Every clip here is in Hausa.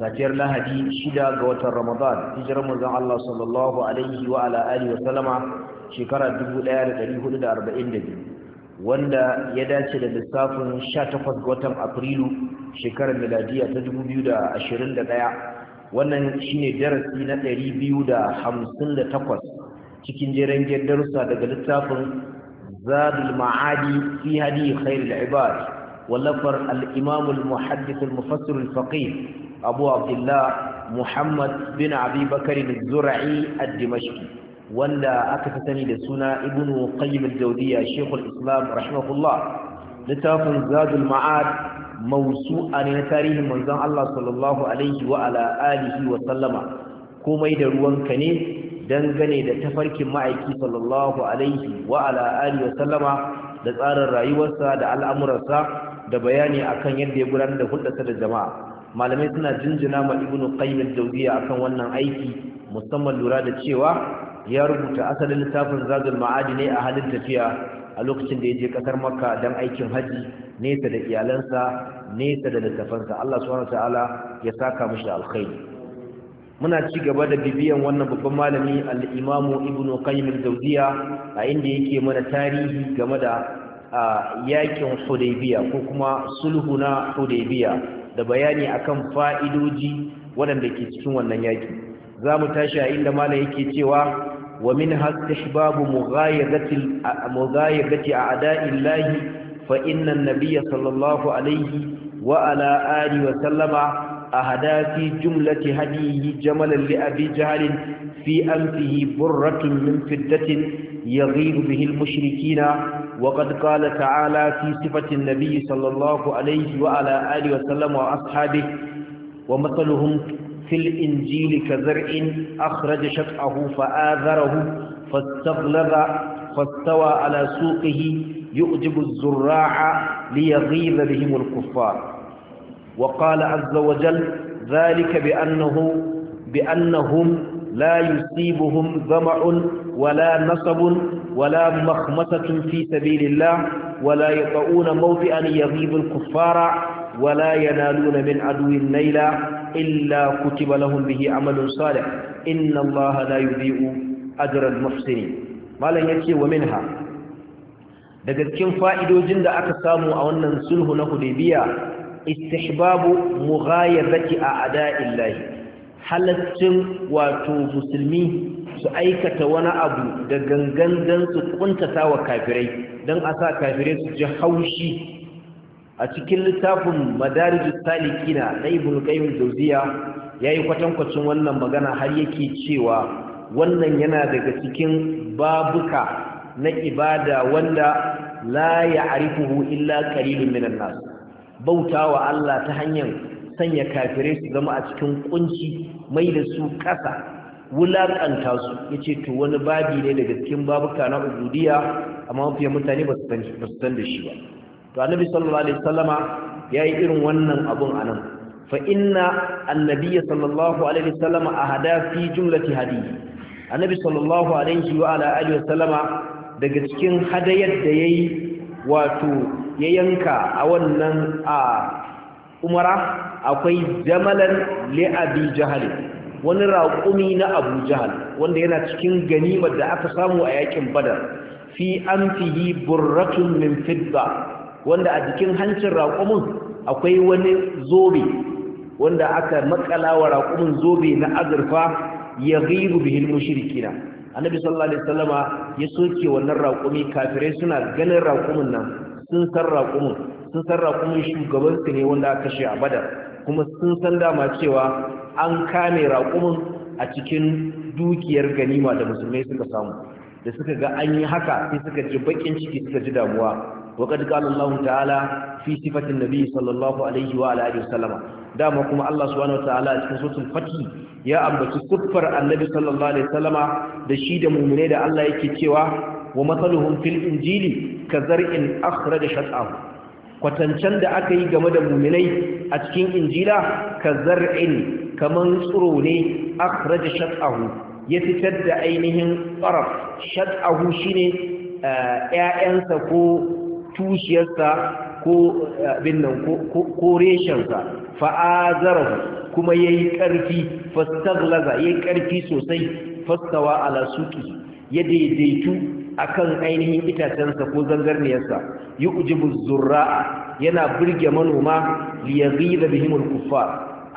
safiyar lahadi shida ga watan ramadan hijirar manzon Allah sallallahu alaihi wa ala alihi wa sallama shekara 1442 wanda ya dace da lissafin 18 ga watan afrilu shekarar miladiya ta 2021 wannan shine darasi na 258 cikin jerengen darussa daga littafin zadul ma'adi fi hadi khairul ibad wallafar al-imam al-muhaddith al-mufassir al-faqih abu abdullah muhammad bin abi bakari zura'i a dimashqi wanda aka fi sani da suna ibnu qayyim al-jawziya shaykhul islam rahimahullah littafin zadul ma'ad mawsu'a ne na tarihin manzon Allah sallallahu alaihi wa ala alihi wa sallama komai da ruwanka ne dangane da tafarkin ma'aiki sallallahu alaihi wa ala alihi wa sallama da tsarin rayuwarsa da al'amuransa da bayani akan yadda ya gudanar da hulɗarsa da jama'a malamai suna jinjina ma ibnu qayyim al-jawziya akan wannan aiki musamman lura da cewa ya rubuta asalin littafin zadul ma'adi ne a halin tafiya a lokacin da ya je kasar makka dan aikin haji nesa da iyalansa nesa da littafansa Allah subhanahu ta'ala ya saka mishi alkhairi muna ci gaba da bibiyan wannan babban malami al-imamu ibnu qayyim al-jawziya a inda yake mana tarihi game da yakin hudaybiya ko kuma sulhu na hudaybiya da bayani akan fa'idoji waɗanda ke cikin wannan yaƙi za mu tashi a inda mala yake cewa wa min hastashbabu mughayagati a ada'illahi fa inna Nabiya sallallahu alaihi wa wa sallama أهدا في جملة هديه جملا لأبي جهل في أنفه برة من فدة يغيب به المشركين وقد قال تعالى في صفة النبي صلى الله عليه وعلى آله وسلم وأصحابه ومثلهم في الإنجيل كزرع أخرج شطأه فآذره فاستغلظ فاستوى على سوقه يؤجب الزراع ليغيظ بهم الكفار وقال عز وجل ذلك بأنه بأنهم لا يصيبهم ظمأ ولا نصب ولا مخمسة في سبيل الله ولا يطؤون موطئا يغيب الكفار ولا ينالون من عدو نيلا إلا كتب لهم به عمل صالح إن الله لا يضيء أجر المحسنين ما لن يكي ومنها daga cikin fa'idojin da aka samu a wannan sulhu na Hudaybiya istihbabu mughayabati a'da'illahi halaccin wato musulmi su aikata wani abu da gangan dan su kuntata wa kafirai dan a sa kafirai su ji haushi a cikin littafin madarijus salikina na ibn qayyim jawziya yayi kwatankwacin wannan magana har yake cewa wannan yana daga cikin babuka na ibada wanda la arifuhu illa qalilun minan nas bautawa Allah ta hanyar sanya kafirai su zama a cikin kunci mai da su kasa wulaƙanta su Ya ce to wani babi ne daga cikin babuka na ubudiyya amma mafi mutane ba su san da shi ba to annabi sallallahu alaihi wasallama yayi irin wannan abun a nan. fa inna annabiyya sallallahu alaihi wasallama ahada fi jumlati hadiyi annabi sallallahu alaihi wa ala alihi wasallama daga cikin hadayar da yayi wato ya yanka a wannan a umara akwai jamalan li'abi jahal wani raƙumi na abu jahal wanda yana cikin ganimar da aka samu a yakin badar fi amfihi burratun min fidda wanda a jikin hancin raƙumin akwai wani zobe wanda aka makala wa raƙumin zobe na azurfa ya gairu bihil mushrikina annabi sallallahu alaihi wasallama ya soke wannan raƙumi kafirai suna ganin raƙumin nan sun sarrakumin sun shugaban shugabansu ne wanda aka shi a badar kuma sun san dama cewa an kame raƙumin a cikin dukiyar ganima da musulmai suka samu da suka ga an yi haka sai suka ji bakin ciki suka ji damuwa wa qad qala Allahu ta'ala fi sifatin nabiy sallallahu alaihi wa alihi dama kuma Allah subhanahu wa ta'ala a cikin suratul fatih ya ambaci siffar annabi sallallahu alaihi wasallama da shi da mu'mine da Allah yake cewa wa matsaluhun fil injili ka zar'in akhra da shat'ahu kwatancen da aka yi game da muminai a cikin injila ka zar'in kaman tsiro ne akhra da shat'ahu ya fitar da ainihin tsaraf shat'ahu shine eh, ƴaƴansa ko tushiyarsa ko eh, abin nan ko reshensa fa'azarahu kuma yayi ƙarfi ya yayi ƙarfi sosai fastawa ala suqi ya daidaitu akan ainihin itacensa ko zangarniyarsa yu'jibu zurra. yana burge manoma li da bihim al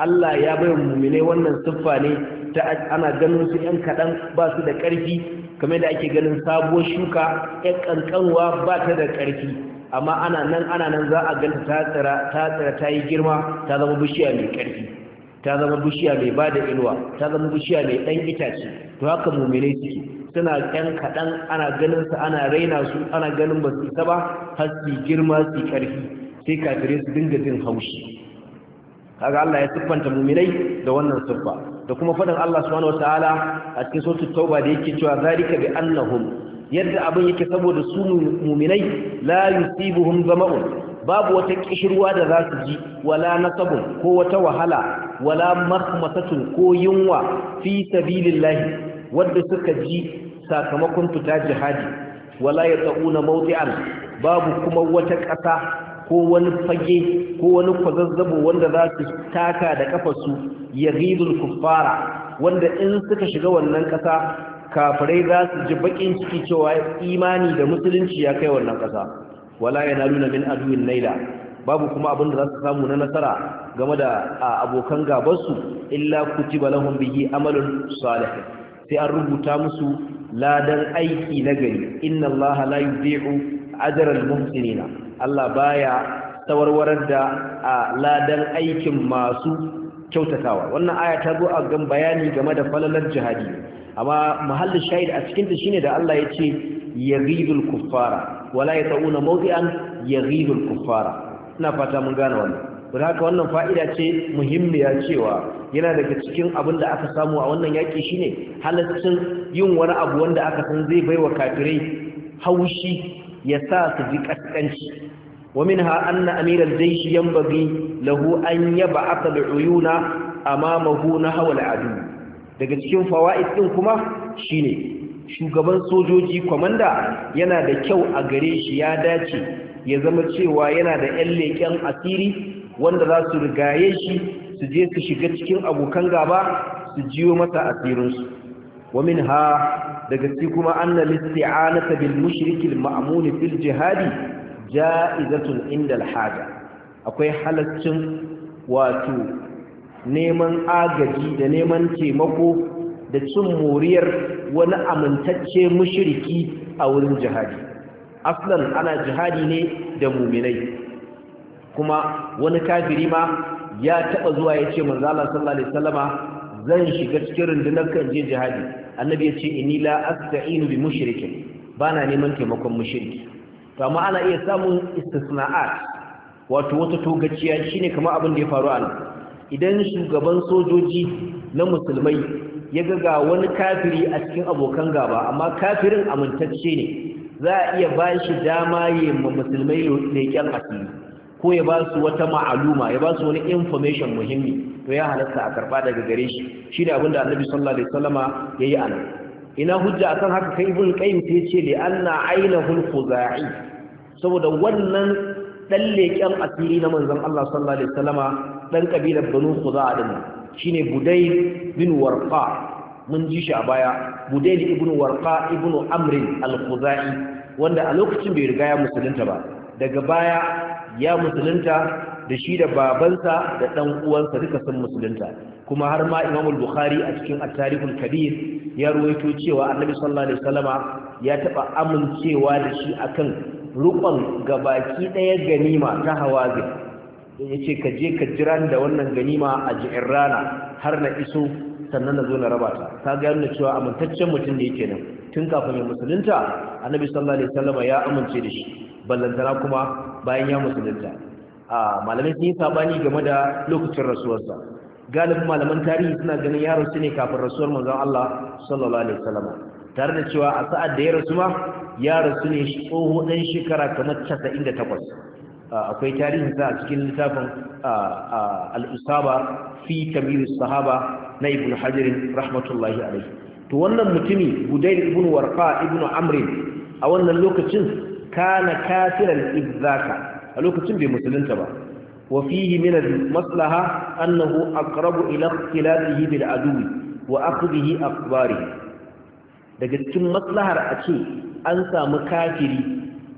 Allah ya bai mu'mine wannan siffa ne ta ana ganin su ɗan kaɗan ba su da ƙarfi kamar da ake ganin sabuwar shuka ɗan ƙanƙanwa ba ta da ƙarfi amma ana nan ana nan za a ganta ta tsira ta tsira ta yi girma ta zama bishiya mai ƙarfi ta zama bishiya mai ba da inuwa ta zama bishiya mai ɗan itace to haka mu'mine suke suna yan kaɗan ana ganin su ana raina su ana ganin ba su ba har su girma su ƙarfi sai kafirai su dinga jin haushi kaga Allah ya siffanta muminai da wannan siffa da kuma faɗin Allah subhanahu wataala a cikin suratul tauba da yake cewa zalika bi annahum yadda abin yake saboda su muminai la yusibuhum zama'un babu wata kishirwa da za su ji wala nasabun ko wata wahala wala makhmasatun ko yunwa fi sabilillahi wanda suka ji sakamakon fita jihadi wala ya tsauna mawdi'an babu kuma wata ƙasa ko wani fage ko wani kwazazzabo wanda za su taka da kafarsu ya ghidul kuffara wanda in suka shiga wannan ƙasa kafirai za su ji baƙin ciki cewa imani da musulunci ya kai wannan ƙasa wala nuna min aduwin naila babu kuma abin da za su samu na nasara game da abokan gabansu illa kutiba lahum bihi amalun salihin sai an rubuta musu ladan aiki na gari inna Allah la yudhi'u ajra al-muhsinina Allah baya tawarwarar da ladan aikin masu kyautatawa wannan aya ta zo a gan bayani game da falalar jihadi amma mahallin shahid a cikin ta shine da Allah ya ce yaghidul kuffara wala yatauna mawdi'an yaghidul kuffara ina fata mun gane wannan don haka wannan fa'ida ce muhimmiya cewa yana daga cikin abin da aka samu a wannan yaƙi shine halittun yin wani abu wanda aka san zai bai wa kafirai haushi ya sa su ji ƙasƙanci wamin ha an na amirar jaishi yan bagi lahu an yaba aka da uyuna a mamahu na hawa al'adu daga cikin fawa'id ɗin kuma shine shugaban sojoji kwamanda yana da kyau a gare shi ya dace ya zama cewa yana da 'yan leƙen asiri wanda za su rigaye shi su je su shiga cikin abokan gaba su jiyo masa asirinsu wamin ha daga ci kuma anna listi'anata bil mushrikil ma'muni fil jihadi ja'izatun inda al-haja akwai halaccin wato neman agaji da neman taimako da cin moriyar wani amintacce mushriki a wurin jihadi aslan ana jihadi ne da muminai kuma wani kafiri ma ya taba zuwa ya ce manzo Allah sallallahu alaihi wasallama zan shiga cikin rundunar kan je jihadi annabi ya ce inni la asta'inu bi mushrikin bana neman taimakon mushriki to amma ana iya samun istisna'at wato wata togaciya shine kamar abin da ya faru a nan idan shugaban sojoji na musulmai ya ga ga wani kafiri a cikin abokan gaba amma kafirin amintacce ne za a iya bashi shi dama yi musulmai musulmai leƙen asiri ko ya ba su wata ma'aluma ya ba su wani information muhimmi to ya halatta a karba daga gare shi shi da abinda annabi sallallahu alaihi wasallama yayi anan ina hujja akan haka kai ibn qayyim sai ce li anna ainahu khuzai saboda wannan dan leken asiri na manzon Allah sallallahu alaihi wasallama dan kabilar banu khuza'a din shine budayl bin warqa mun ji shi a baya budayl ibn warqa ibn amr al-khuzai wanda a lokacin bai riga ya musulunta ba daga baya ya musulunta da shi da babansa da ɗan uwansa duka sun musulunta kuma har ma imamul bukhari a cikin attarihul kabir ya ruwaito cewa annabi sallallahu alaihi wasallama ya taba amincewa da shi akan rukun gabaki ɗaya ganima ta hawa ya ce ka je ka jira da wannan ganima a ji'in rana har na iso sannan na zo na raba ta kaga yana cewa amintaccen mutum ne yake nan tun kafin ya musulunta annabi sallallahu alaihi wasallama ya amince da shi ballantana kuma bayan ya musulunta a malamai sun yi sabani game da lokacin rasuwarsa galibin malaman tarihi suna ganin ya rasu ne kafin rasuwar manzon Allah sallallahu alaihi wasallam tare da cewa a sa'ad da ya rasu ma ya rasu ne tsoho ɗan shekara kamar 98 akwai tarihin sa a cikin littafin al'usaba fi tamiris sahaba na ibn hajjirin rahmatullahi alaihi to wannan mutumi da ibn warqa ibn amrin a wannan lokacin kana kafiran izaka a lokacin bai musulunta ba wa fihi min maslaha annahu aqrabu ila ikhtilafihi bil aduwi wa akhdhihi akbari daga cikin maslahar a ce an samu kafiri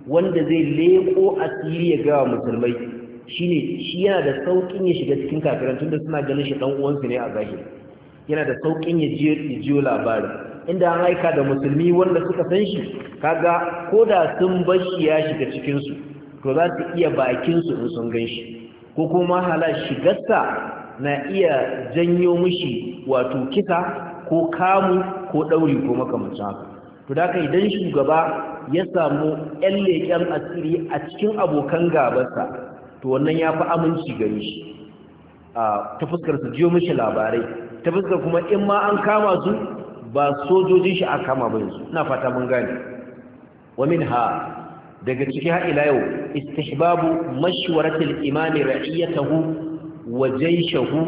wanda zai leko asiri ya gawa musulmai shine shi yana da saukin ya shiga cikin kafiran tunda suna ganin shi dan uwansu ne a zahiri yana da saukin ya jiyo labarin inda an aika da musulmi wanda suka san shi kaga ko da sun bashi ya shiga cikinsu to za su iya bakinsu in sun gan shi ko kuma hala shigarsa na iya janyo mushi, wato kisa ko kamu ko ɗauri ko makamancin haka to da haka idan shugaba ya samu ‘yan leƙen asiri a cikin abokan gabarsa to wannan ya fi aminci gare shi ah, ta fuskar su jiyo mushi labarai ta fuskar kuma in ma an kama su ba sojojin shi kama ba yanzu ina fata mun gane wa minha daga ciki har ila yau istihbabu mashwaratil imami ra'iyatahu wa jayshahu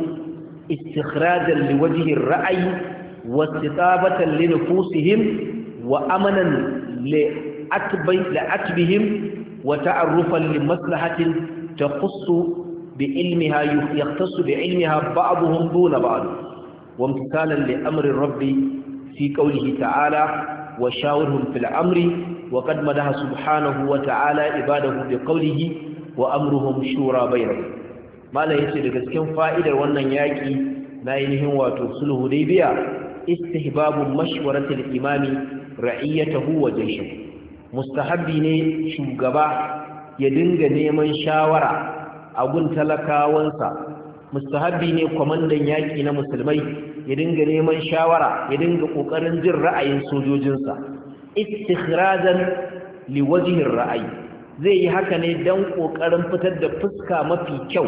istikhrajan liwajhi ar-ra'yi wa istitabatan li nufusihim wa amanan li atbi li atbihim wa ta'arrufan li maslahatin taqussu bi ilmiha yahtassu bi ilmiha ba'dhum duna ba'd li لأمر rabbi. في قوله تعالى وشاورهم في الأمر وقد مدها سبحانه وتعالى عباده بقوله وأمرهم شورى بينهم ما لا يسير كسكن فائدة وأن يأتي نائنهم وترسله ليبيا استهباب مشورة الإمام رعيته وجيشه mustahabbi ne shugaba ya dinga neman shawara a gun talakawansa mustahabbi ne kwamandan yaƙi na musulmai ya dinga neman shawara ya dinga ƙoƙarin jin ra'ayin sojojinsa istikhrajan liwajihin ra'ayi zai yi haka ne dan kokarin fitar da fuska mafi kyau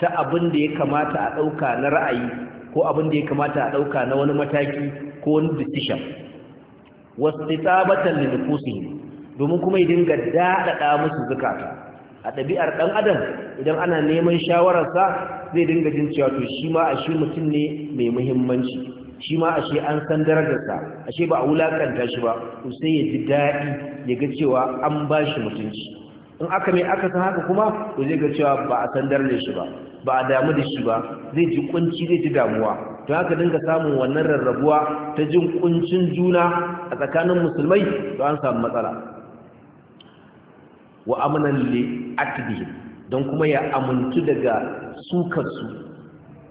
ta abin da ya kamata a ɗauka na ra'ayi ko abin da ya kamata a ɗauka na wani mataki ko wani decision wastitabatan li domin kuma ya dinga dadada musu zukata a ɗabi'ar ɗan adam idan ana neman shawararsa zai dinga jin cewa to shi ma a shi mutum ne mai muhimmanci shi ma ashe an san darajarsa ashe ba a wulaƙanta shi ba ku sai ya ji daɗi ya ga cewa an ba shi mutunci in aka mai aka san haka kuma to zai ga cewa ba a san darajar shi ba ba a damu da shi ba zai ji kunci zai ji damuwa don haka dinga samun wannan rarrabuwa ta jin kuncin juna a tsakanin musulmai to an samu matsala wa amanan li atbihim don kuma ya amintu daga sukarsu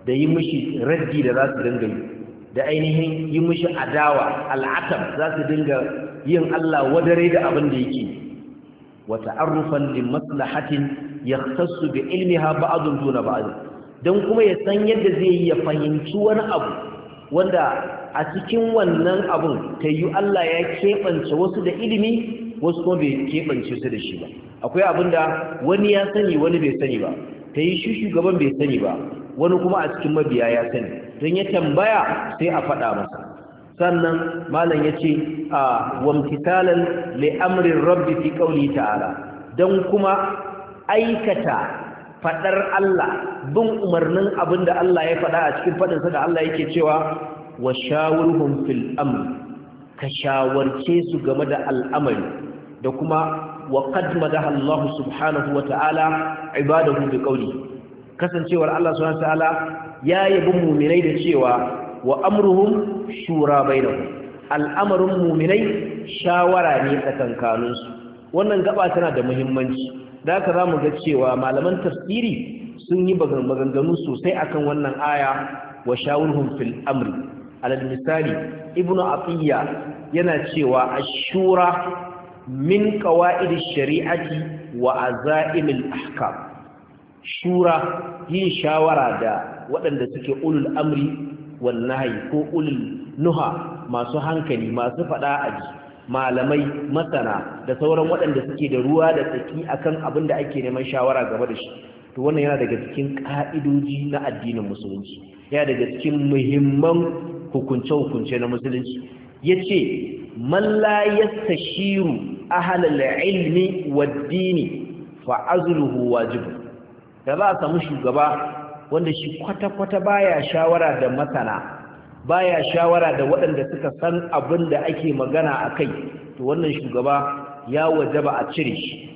da yi mishi raddi da za su dinga yi da ainihin yi mishi adawa al'atab za su dinga yin Allah wadare da abin da yake wa ta'arrufan li maslahatin yahtassu bi ilmiha ba'dun duna ba'd dan kuma ya san yadda zai yi ya fahimci wani abu wanda a cikin wannan abun tayyu Allah ya kebance wasu da ilimi wasu kuma bai keɓance su da shi ba akwai abin da wani ya sani wani bai sani ba ta yi shushu gaban bai sani ba wani kuma a cikin mabiya ya sani don ya tambaya sai a faɗa masa sannan malam ya ce a wamtitalan la'amurin rabbi fi ƙauni ta'ala don kuma aikata faɗar Allah bin umarnin abin da Allah ya faɗa a cikin faɗinsa da Allah yake cewa wa shawarhum fil amr ka shawarce su game da al'amari da kuma wa qad madaha Allah subhanahu wa ta'ala ibadahu bi qawli kasancewar Allah subhanahu ta'ala ya yabi mu'minai da cewa wa amruhun shura bainahum al'amarin mu'minai shawara ne a su wannan gaba tana da muhimmanci da haka zamu ga cewa malaman tafsiri sun yi maganganu sosai akan wannan aya wa shawarhun fil amri alal misali ibnu atiya yana cewa ashura min qawaid shari'ati wa azaim al-ahkam shura yin shawara da waɗanda suke ulul amri wal nahyi ko ulul nuha masu hankali masu fada aji malamai masana da sauran waɗanda suke da ruwa da tsaki akan abin da ake neman shawara game da shi to wannan yana daga cikin ka'idoji na addinin musulunci yana daga cikin muhimman hukunce-hukunce na musulunci ya ce man la yastashiru ahlal ilmi wad-dini fa azluhu wajib da za a samu shugaba wanda shi kwata-kwata baya shawara da masana baya shawara da waɗanda suka san abin da ake magana a kai to wannan shugaba ya wajaba a cire shi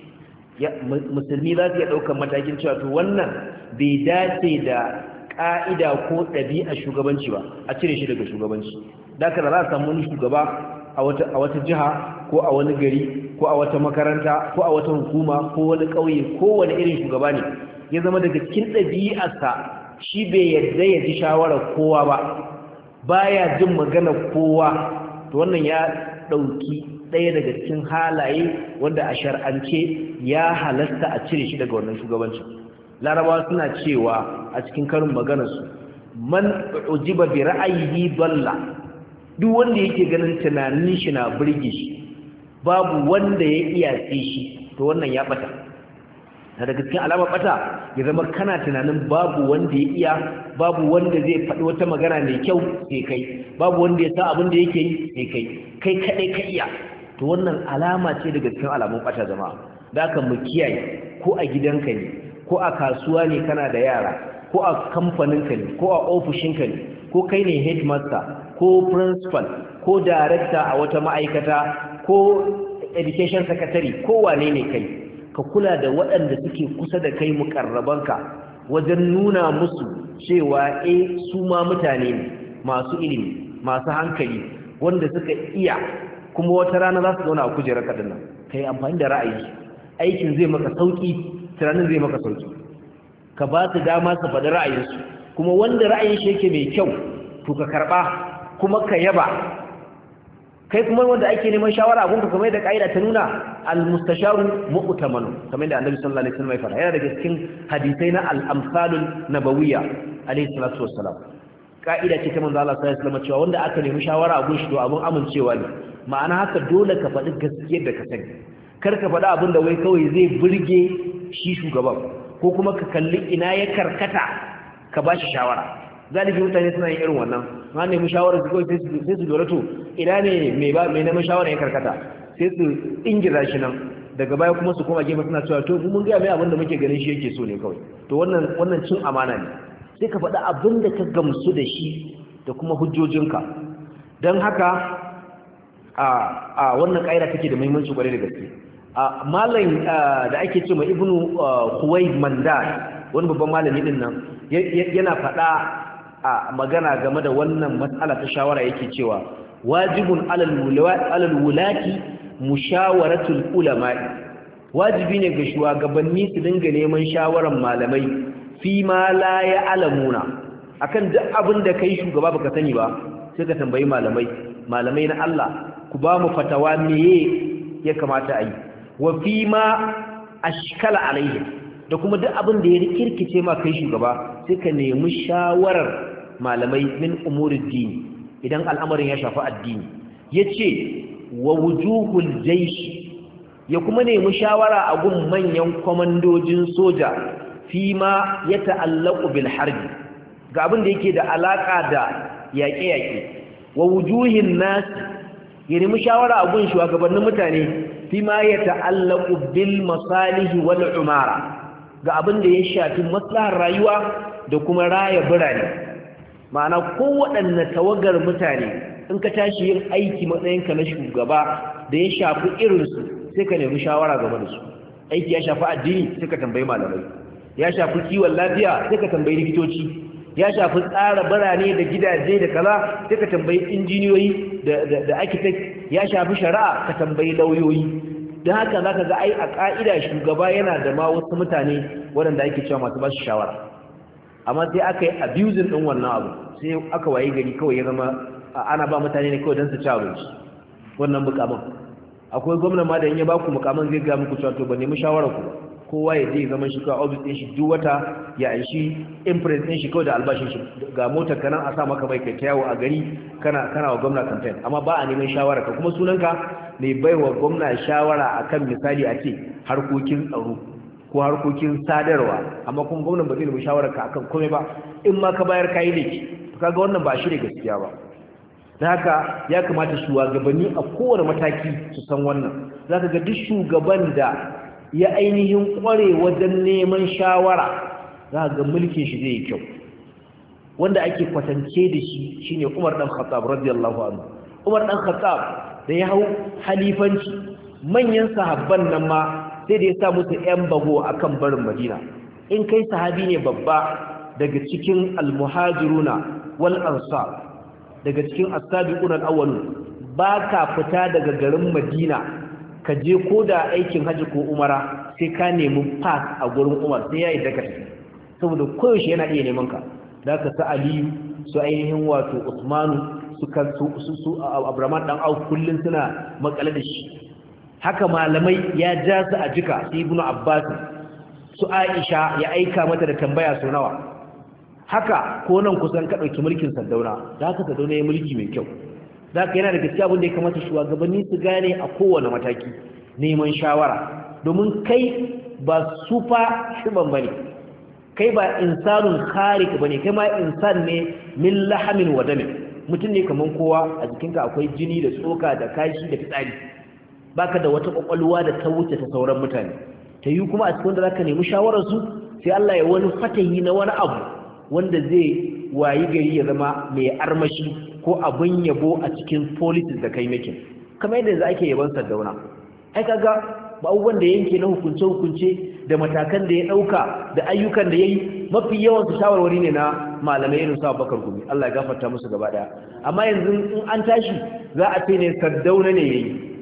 musulmi za su iya ɗaukar matakin cewa to wannan bai dace da ƙa'ida ko ɗabi'a shugabanci ba a cire shi daga shugabanci da za a samu wani shugaba a wata jiha ko a wani gari ko a wata makaranta ko a wata hukuma ko wani ƙauye ko wani irin shugaba ne ya zama daga cikin ɗabi'arsa shi bai yarda ya ji shawarar kowa ba ba ya jin maganar kowa to wannan ya ɗauki ɗaya daga cikin halaye wanda a shar'ance ya halasta a cire shi daga wannan shugabanci. larabawa suna cewa a cikin karin maganarsu man ujiba bi ra'ayihi dalla duk wanda yake ganin tunanin shi na burge shi babu wanda ya iya ce shi to wannan ya bata na daga cikin alama bata ya zama kana tunanin babu wanda ya iya babu wanda zai faɗi wata magana mai kyau sai kai babu wanda ya san abin da yake yi sai kai kai kaɗai ka iya to wannan alama ce daga cikin alamun bata zama. da aka mu kiyaye ko a gidanka ne ko a kasuwa ne kana da yara ko a kamfaninka ne ko a ofishinka ne ko kai ne headmaster ko principal ko director a wata ma'aikata ko education secretary ko wane ne kai ka kula da waɗanda suke kusa da kai mukarrabanka wajen nuna musu cewa A eh, su ma mutane ne masu ilimi masu hankali wanda suka iya kuma wata rana za su zauna a kujerar kaɗin nan ka yi amfani da ra'ayi aikin zai maka sauƙi tunanin zai maka sauƙi ka ba su dama su faɗi ra'ayinsu kuma wanda ra'ayin shi yake mai kyau to ka karɓa kuma ka yaba kai kuma wanda ake neman shawara abun ka kamar da kaida ta nuna al-mustasharu mu'tamanu kamar yadda Annabi sallallahu alaihi wasallam ya fara yana daga cikin hadisai na al-amsalun nabawiyya alaihi salatu wassalam kaida ce ta manzo Allah sallallahu alaihi wasallam cewa wanda aka nemi shawara abun shi to abun amincewa ne ma'ana haka dole ka faɗi gaskiyar da ka sani kar ka faɗi abin da wai kawai zai burge shi shugaban ko kuma ka kalli ina ya karkata ka ba shi shawara zaliki mutane suna yin irin wannan ma ne mu shawara su kawai sai su lura ina ne mai ba mai neman shawara ya karkata sai su ingiza shi nan daga baya kuma su koma gefe suna cewa to mun ga mai abin da muke ganin shi yake so ne kawai to wannan wannan cin amana ne sai ka faɗa abin da ka gamsu da shi da kuma hujjojinka don haka a wannan ƙa'ida take da muhimmanci kwarai da gaske malam da ake ce ma ibnu kuwai manda wani babban malami din nan yana faɗa a magana game da wannan matsala ta shawara yake cewa wajibun alal wulati mushawaratul ulama'i wajibi ne ga shugabanni su dinga neman shawaran malamai fi ma la ya alamuna akan duk abin da kai shugaba baka sani ba sai ka tambayi malamai malamai na Allah ku ba mu fatawa meye ya kamata a yi wa fi ma ashkala alayhi da kuma duk abin da ya rikirkice ma kai shugaba sai ka nemi shawarar malamai min umurin dini, idan al'amarin ya shafi addini yace wa wujuhul jaysh ya kuma nemi shawara a gun manyan kwamandojin soja fi ma ya ta'allaku bil harbi ga abin da yake da alaka da yaƙe-yaƙe wa wujuhin nasi ya nemi shawara a gun shugabannin mutane fi ma ya ta'allaku bil masalihi wal umara ga abin da ya shafi maslahar rayuwa da kuma raya birane ma'ana kowaɗanne tawagar mutane in ka tashi yin aiki matsayinka na shugaba da ya shafi irinsu sai ka nemi shawara game da su aiki ya shafi addini sai ka tambayi malamai ya shafi kiwon lafiya sai ka tambayi likitoci ya shafi tsara birane da gidaje da kaza sai ka tambayi injiniyoyi da architect ya shafi shari'a ka tambayi lauyoyi dan haka za ka ga ai a ka'ida shugaba yana da ma wasu mutane waɗanda ake cewa masu ba su shawara amma sai aka yi abusing ɗin wannan abu sai aka waye gari kawai ya zama ana ba mutane ne kawai don su ci abinci wannan mukamin akwai gwamnan ma da in ya baku mukamin zai gaya muku cewa ba nemi shawara ku kowa ya je zaman shi kawai office ɗin shi duk wata ya shi imprint ɗin shi kawai da albashin shi ga motar ka a sa maka mai kai yawo a gari kana kana wa gwamna campaign amma ba a neman shawara ka kuma sunanka mai bai wa gwamna shawara akan misali a ce harkokin tsaro ko harkokin sadarwa amma kuma gwamnan ba zai nemi shawarar ka akan komai ba in ma ka bayar kayi ne to ga wannan ba shi ne gaskiya ba Da haka ya kamata shugabanni a kowane mataki su san wannan zaka ga duk shugaban da ya ainihin kware wajen neman shawara za ga mulkin shi zai kyau wanda ake kwatance da shi shine Umar dan Khattab radiyallahu anhu Umar dan Khattab da ya hau halifanci manyan sahabban nan ma sai da ya sa musu ‘yan bago a kan barin madina in kai sahabi ne babba daga cikin almuhajiruna wal daga cikin asabiqun al-awwalun ba ka fita daga garin madina ka je ko da aikin hajji ko umara sai ka nemi pass a gurin umar sai ya yi daga saboda koyaushe yana iya neman ka da ka sa aliyu su ainihin wato usmanu su kan su su abraman dan au kullum suna makale da shi haka malamai ya ja su a jika su ibn abbas su aisha ya aika mata da tambaya su nawa haka ko nan kusan ka ɗauki mulkin sardauna za ka sardauna ya mulki mai kyau za ka yana da gaskiya abin da ya kamata shugabanni su gane a kowane mataki neman shawara domin kai ba sufa shiban bane kai ba insanun kharik bane kai ma insan ne min lahamin wa damin mutum ne kamar kowa a jikinka akwai jini da tsoka da kashi da fitsari baka da wata kwakwalwa da ta wuce ta sauran mutane ta yi kuma a cikin da zaka nemi shawararsu sai Allah ya wani fatahi na wani abu wanda zai wayi gari ya zama mai armashi ko abin yabo a cikin politics da kai making kamar yadda yanzu ake yaban sardauna ai kaga ba abubuwan da yanke na hukunce hukunce da matakan da ya dauka da ayyukan da yayi mafi yawan su shawarwari ne na malamai irin su Abubakar Gumi Allah ya gafarta musu gaba daya amma yanzu in an tashi za a ce ne sardauna ne yayi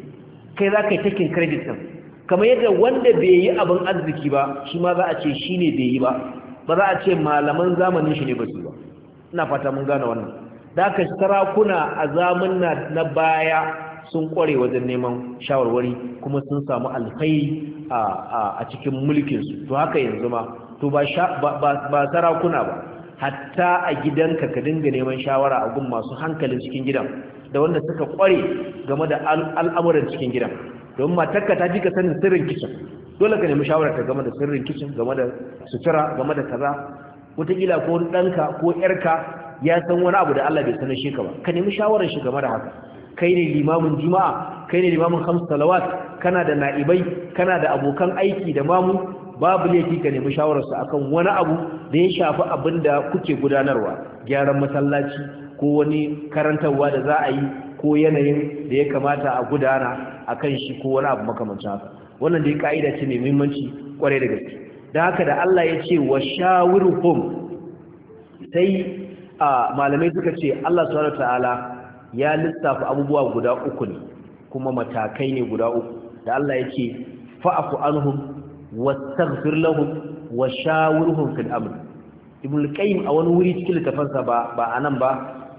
kai za ka yi takin kredit ɗin kamar yadda wanda bai yi abin arziki ba shi ma za a ce shi ne bai yi ba ba za a ce malaman zamanin shi ne ba su ba ina fata mun gane wannan da aka sarakuna a zamun na baya sun kware wajen neman shawarwari kuma sun samu alfai a cikin mulkinsu to haka yanzu ma to ba sarakuna ba hatta a gidanka ka dinga neman shawara a gun masu hankalin cikin gidan da wanda suka kware game da al'amuran cikin gidan don matarka ta fi ka sanin sirrin kicin dole ka nemi shawara ka game da sirrin kicin game da sutura game da kaza wataƙila ko ɗanka ko ƴarka ya san wani abu da Allah bai sanar shi ka ba ka nemi shawaran shi game da haka kai ne limamin juma'a kai ne limamin hamsu salawat kana da na'ibai kana da abokan aiki da mamu babu laifi ka nemi shawararsu akan wani abu da ya shafi abin da kuke gudanarwa gyaran masallaci ko wani karantarwa da za a yi ko yanayin da ya kamata a gudana a kan shi ko wani abu makamancin haka wannan dai ka'ida ce mai muhimmanci kwarai da gaske da haka da Allah ya ce wa sai a malamai suka ce Allah subhanahu ta'ala ya lissafa abubuwa guda uku ne kuma matakai ne guda uku da Allah ya ce fa'afu anhum wastaghfir lahum wa shawirhum fil amr ibn al-qayyim a wani wuri cikin littafansa ba ba anan ba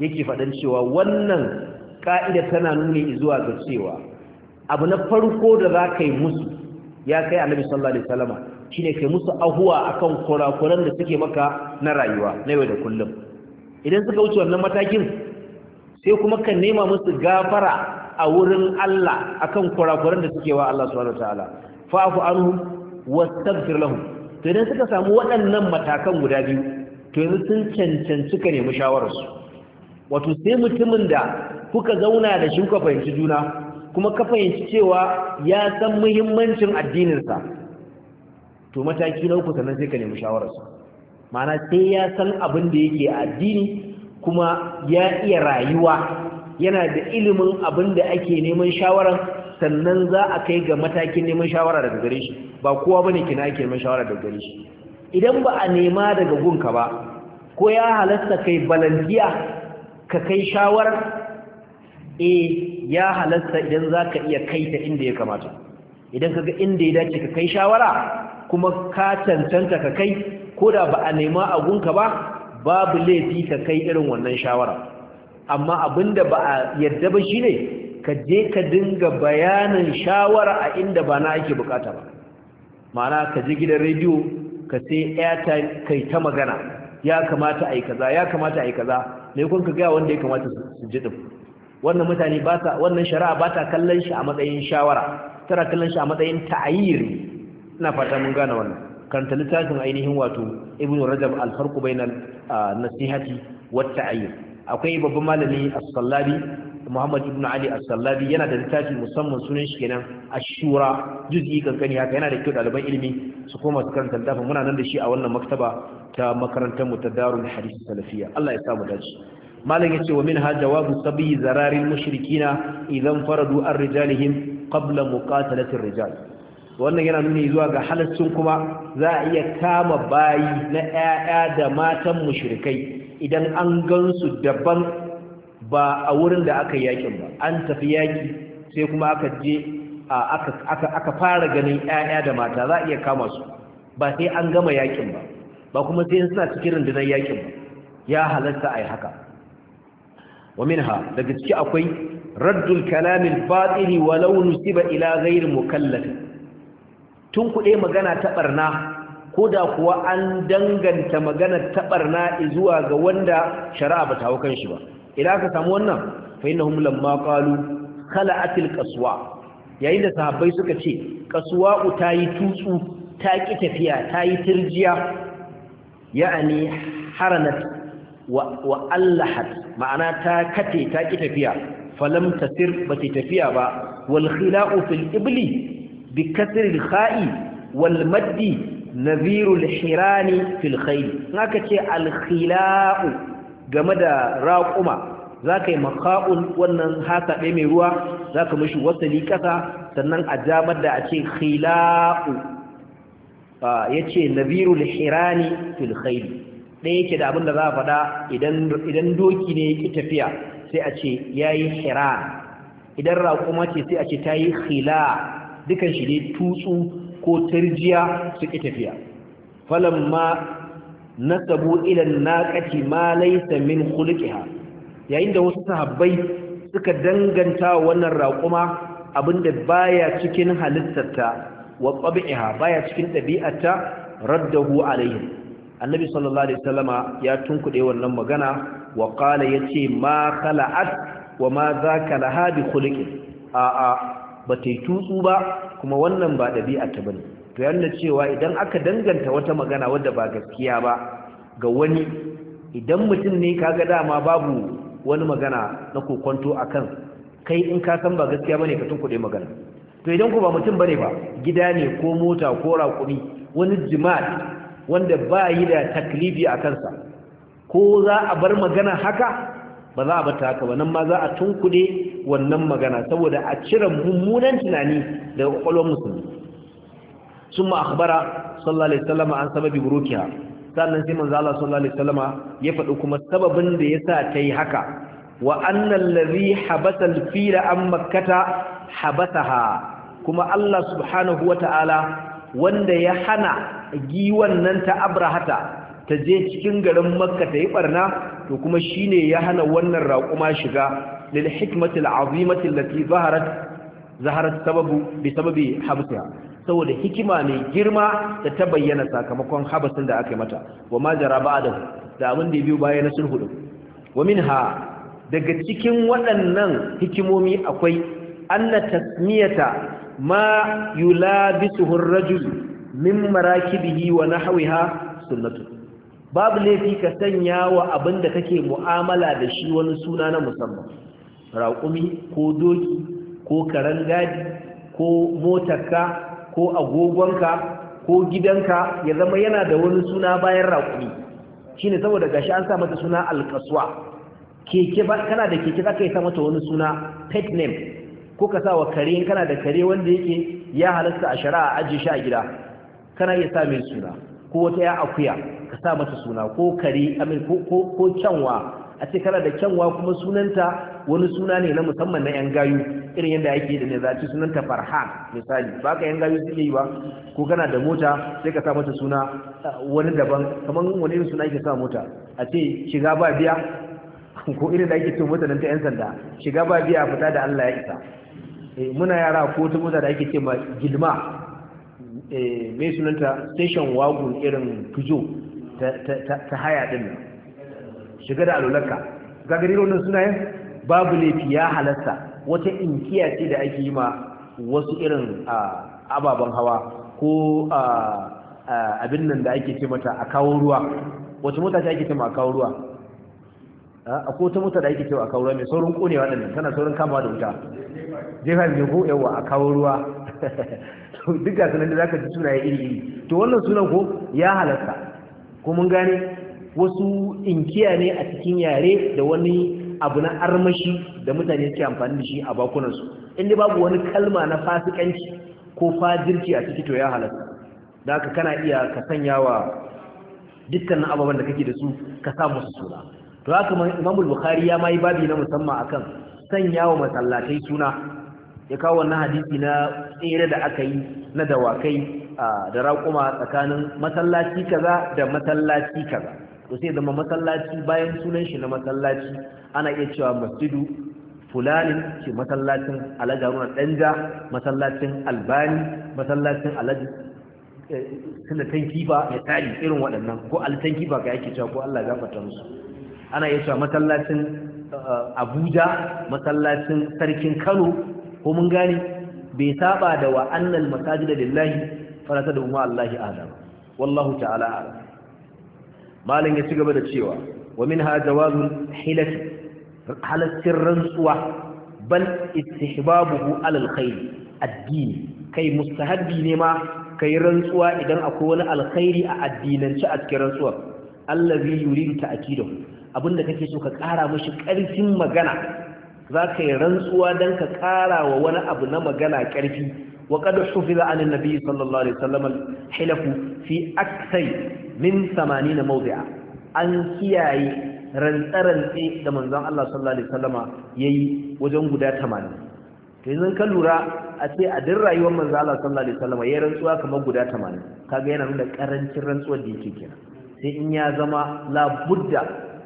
yake fadan cewa wannan ka'ida tana nuni zuwa ga cewa abu na farko da za kai musu ya kai annabi sallallahu alaihi wasallama shine kai musu ahuwa akan kurakuran da suke maka na rayuwa na yau da kullum idan suka wuce wannan matakin sai kuma ka nema musu gafara a wurin Allah akan kurakuran da suke wa Allah subhanahu wataala fa'fu anhum wastaghfir lahum to idan suka samu waɗannan matakan guda biyu to yanzu sun cancanci ka nemi shawararsu wato sai mutumin da kuka zauna da shi kuka fahimci juna kuma ka fahimci cewa ya san muhimmancin addininsa to mataki na uku sannan sai ka nemi shawararsa ma'ana sai ya san abin da yake addini kuma ya iya rayuwa yana da ilimin abin da ake neman shawarar sannan za a kai ga matakin neman shawara daga gare shi ba kowa bane kina ake neman shawara daga gare shi idan ba a nema daga gunka ba ko ya halasta kai balantiya ka kai shawara, eh ya halasta idan za ka iya kai ta inda ya kamata idan ka ga inda ya dace ka kai shawara kuma ka tantanta ka kai ko da ba a nema a gunka ba babu laifi ka kai irin wannan shawara amma abinda ba a yadda ba shine ka je ka dinga bayanin shawara a inda ba na ake bukata ba ma'ana ka je gidan rediyo ka sai airtime kai ta magana ya kamata a yi kaza ya kamata a yi kaza me kun ka gaya wanda ya kamata su ji din wannan mutane ba ta wannan shari'a ba ta kallon shi a matsayin shawara tana kallon shi a matsayin ta'ayir ina fata mun gane wannan karanta littafin ainihin wato ibn rajab al-farq bainal ah, nasihati wat ta'ayir akwai babban malami as-sallabi Muhammad ibn Ali as-Sallabi yana da littafi musamman sunan shi kenan ashura. shura juz'i kankani haka yana da kyau daliban ilimi su koma su karanta littafin muna nan da shi a wannan maktaba ta makarantar mu ta Darul Hadith Salafiyya Allah ya sa mu dace malam yace wa min minha jawabu sabi zararil mushrikina idan faradu ar-rijalihim qabla muqatalati rijal wannan yana nuni zuwa ga halaccin kuma za a iya kama bayi na ƴaƴa da matan mushrikai idan an gansu daban ba a wurin da aka yakin ba an tafi yaki sai kuma aka je aka fara ganin 'ya'ya da mata za a iya kama su ba sai an gama yakin ba ba kuma sai suna cikin rundunar yakin ba ya halatta a yi haka wa minha daga ciki akwai raddul kalamin wa launu siba ila gairin mukallafi tun kuɗe magana ta ɓarna, ko da kuwa an danganta magana ta ɓarna zuwa ga wanda shari'a ba ta hau kan shi ba idan aka samu wannan fa innahum lamma qalu khala'atil qaswa yayin da sahabbai suka ce qaswa ta yi tutsu ta ƙi tafiya ta yi turjiya ya'ani haranat wa allahat ma'ana ta kate ta ƙi tafiya falam tasir tafiya ba wal khila'u fil ibli bi kasr al kha'i wal maddi nadhiru hirani fil khayl aka ce al khila'u game da raƙuma za ka yi maka'un wannan haka ɗai mai ruwa za ka mashi wasali ƙasa sannan a jamar da a ce khila'u ya ce nabirul hirani fil ɗaya yake da abin da za a faɗa idan doki ne ya tafiya sai a ce ya yi hira idan raƙuma ce sai a ce ta yi khila dukan shi ne tutsu ko tarjiya su ƙi tafiya falon ma. nasabu ila naqati ma laysa min khuluqiha yayin da wasu sahabbai suka danganta wannan raƙuma, abinda baya cikin halittata wa tabi'iha baya cikin dabi'arta raddahu alaihi annabi sallallahu alaihi wasallama ya tunkude wannan magana wa qala yace ma khala'at wa ma zaka laha bi khuluqin a a batai tutsu ba kuma wannan ba dabi'arta bane to yana cewa idan aka danganta wata magana wadda ba gaskiya ba ga wani idan mutum ne ka ga dama babu wani magana na kokonto akan kai in ka san ba gaskiya ba ne ka tunkuɗe magana to idan ku ba mutum ba ne ba gida ne ko mota ko raƙumi wani jima'a wanda ba yi da taklifi a kansa ko za a bar magana haka ba za a bata haka ba nan ma za a tunkuɗe wannan magana saboda a cire mummunan tunani daga ƙwaƙwalwar musulmi summa akhbara sallallahu alaihi wasallam an sababi burukiha sannan sai manzo Allah sallallahu alaihi wasallam ya faɗi kuma sababin da yasa tayi haka wa annal ladhi habata al-fila an makkata habasaha kuma Allah subhanahu wata'ala wanda ya hana giwan nan ta abrahata ta je cikin garin makka ta yi barna to kuma shine ya hana wannan raƙuma shiga lil hikmati al-azimati allati zaharat zaharat sababu bi sababi habsiha saboda hikima mai girma da ta bayyana sakamakon habasin da aka mata wa ma jara ba da abin da biyu baya na sulhu din wa minha daga cikin waɗannan hikimomi akwai anna tasmiyata ma yulabisuhu ar-rajul min marakibihi wa nahwiha sunnatu babu laifi ka sanya wa abin da kake mu'amala da shi wani suna na musamman raƙumi ko doki ko karangadi ko motarka ko agogonka ko gidanka ya zama yana da wani suna bayan raƙumi shine saboda gashi an sa mata suna alkaswa keke ba kana da keke zaka yi sa mata wani suna pet name ko ka sa wa kare kana da kare wanda yake ya halasta a shari'a ajiye shi a gida kana iya sa mai suna ko wata ya akuya ka sa mata suna ko kare amin ko kyanwa a ce kana da kyanwa kuma sunanta wani suna ne na musamman na yan gayu irin yadda ake da ne zaci sunanta farhan misali ba ka yan gayu suke yi ba ko kana da mota sai ka sa mata suna wani daban kamar wani irin suna ake sa mota a ce shiga ba biya ko irin da ake ce mota nan ta yan sanda shiga ba biya fita da Allah ya isa eh, muna yara ko ta mota da ake ce ma gilma eh, mai sunanta station wagon irin pujo ta haya din shiga da alularka gagarin wannan sunayen babu laifi ya halatta wata inkiya ce da ake yi ma wasu irin ababen hawa ko abin nan da ake ce mata a kawo ruwa wata mota ce ake ce ma a kawo ruwa a ko ta mota da ake ce a kawo ruwa mai saurin konewa ɗin tana saurin kama da wuta jefa mai ko yawa a kawo ruwa duk ga sanar da za ka ji ya iri iri to wannan sunan ko ya halatta ko mun gane wasu inkiya ne a cikin yare da wani abu na armashi da mutane ke amfani da shi a bakunansu inda babu wani kalma na fasikanci ko fajirci a ciki to ya halatta da aka kana iya ka sanya wa dukkanin ababen da kake da su ka sa musu suna to haka imamu Bukhari ya mai babi na musamman akan sanya wa masallatai suna ya kawo wannan hadisi na tsere da aka yi na dawakai da raƙuma tsakanin masallaci kaza da masallaci kaza to sai zama masallaci bayan sunan shi na masallaci ana iya cewa masjidu fulanin ke masallacin alhaji haruna danja masallacin albani masallacin alhaji eh, sanatan kifa ya tari irin waɗannan ko alatan kifa ka yake cewa ko allah ya gafarta musu ana iya cewa masallacin eh, abuja masallacin sarkin kano ko mun gane bai saba da wa'annan annal masajida lillahi fara ta da umar allahi adam wallahu ta'ala malam ya ci gaba da cewa wa minha jawazul hilati halattin rantsuwa bal istihbabuhu alal khair addini kai mustahabbi ne ma kai rantsuwa idan akwai wani alkhairi a addinance a cikin rantsuwar allazi yuridu ta'kidahu abinda kake so ka kara mishi karfin magana za ka yi rantsuwa don ka kara wa wani abu na magana karfi وقد حفظ عن النبي صلى الله عليه وسلم الحلف في أكثر من ثمانين موضعا أن كياي رنطرنطي دمان زان الله صلى الله عليه وسلم يي وجن غدا 80 كيزن كلورا أتي أدر رايوان من زان الله صلى الله عليه وسلم يي رنسوا كما غدا 80 kaga yana nuna karancin rantsuwar da yake kenan sai in ya zama labudda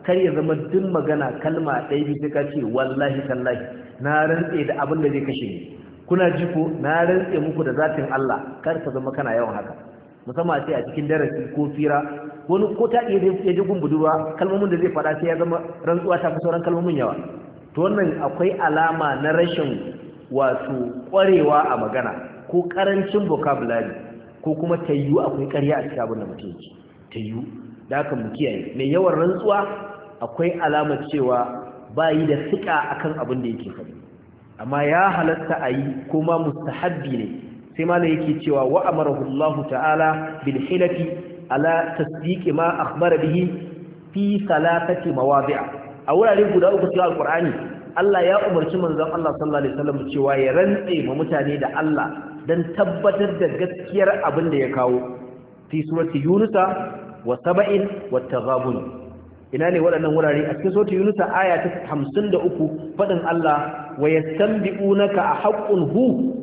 kar ya zama duk magana kalma ɗaya bi sai ka ce wallahi tallahi na rantse da abin da zai kashe ni kuna ji ko na rantse muku da zafin Allah kar ka zama kana yawan haka musamman sai a cikin darasi ko fira wani ko ta iya ya ji gun budurwa kalmomin da zai faɗa sai ya zama rantsuwa ta fi sauran kalmomin yawa to wannan akwai alama na rashin wato ƙwarewa a magana ko ƙarancin vocabulary ko kuma tayyu akwai ƙarya a cikin abin da mutum yake tayyu da haka mu kiyaye mai yawan rantsuwa akwai alamar cewa bayi da sika akan abin da yake faɗi amma ya halatta a yi kuma mustahabbi ne sai malam yake cewa wa amarahu Allah ta'ala bil hilati ala tasdiqi ma akhbara bihi fi thalathati mawadi'a a wurare guda uku cikin alqur'ani Allah ya umarci manzon Allah sallallahu alaihi wasallam cewa ya rantse ma mutane da Allah dan tabbatar da gaskiyar abin da ya kawo fi surati yunusa wa saba'in wa taghabun ina ne waɗannan wurare a cikin sautin yunusa aya ta hamsin da uku faɗin Allah wa ya tambi'unaka a haƙƙun hu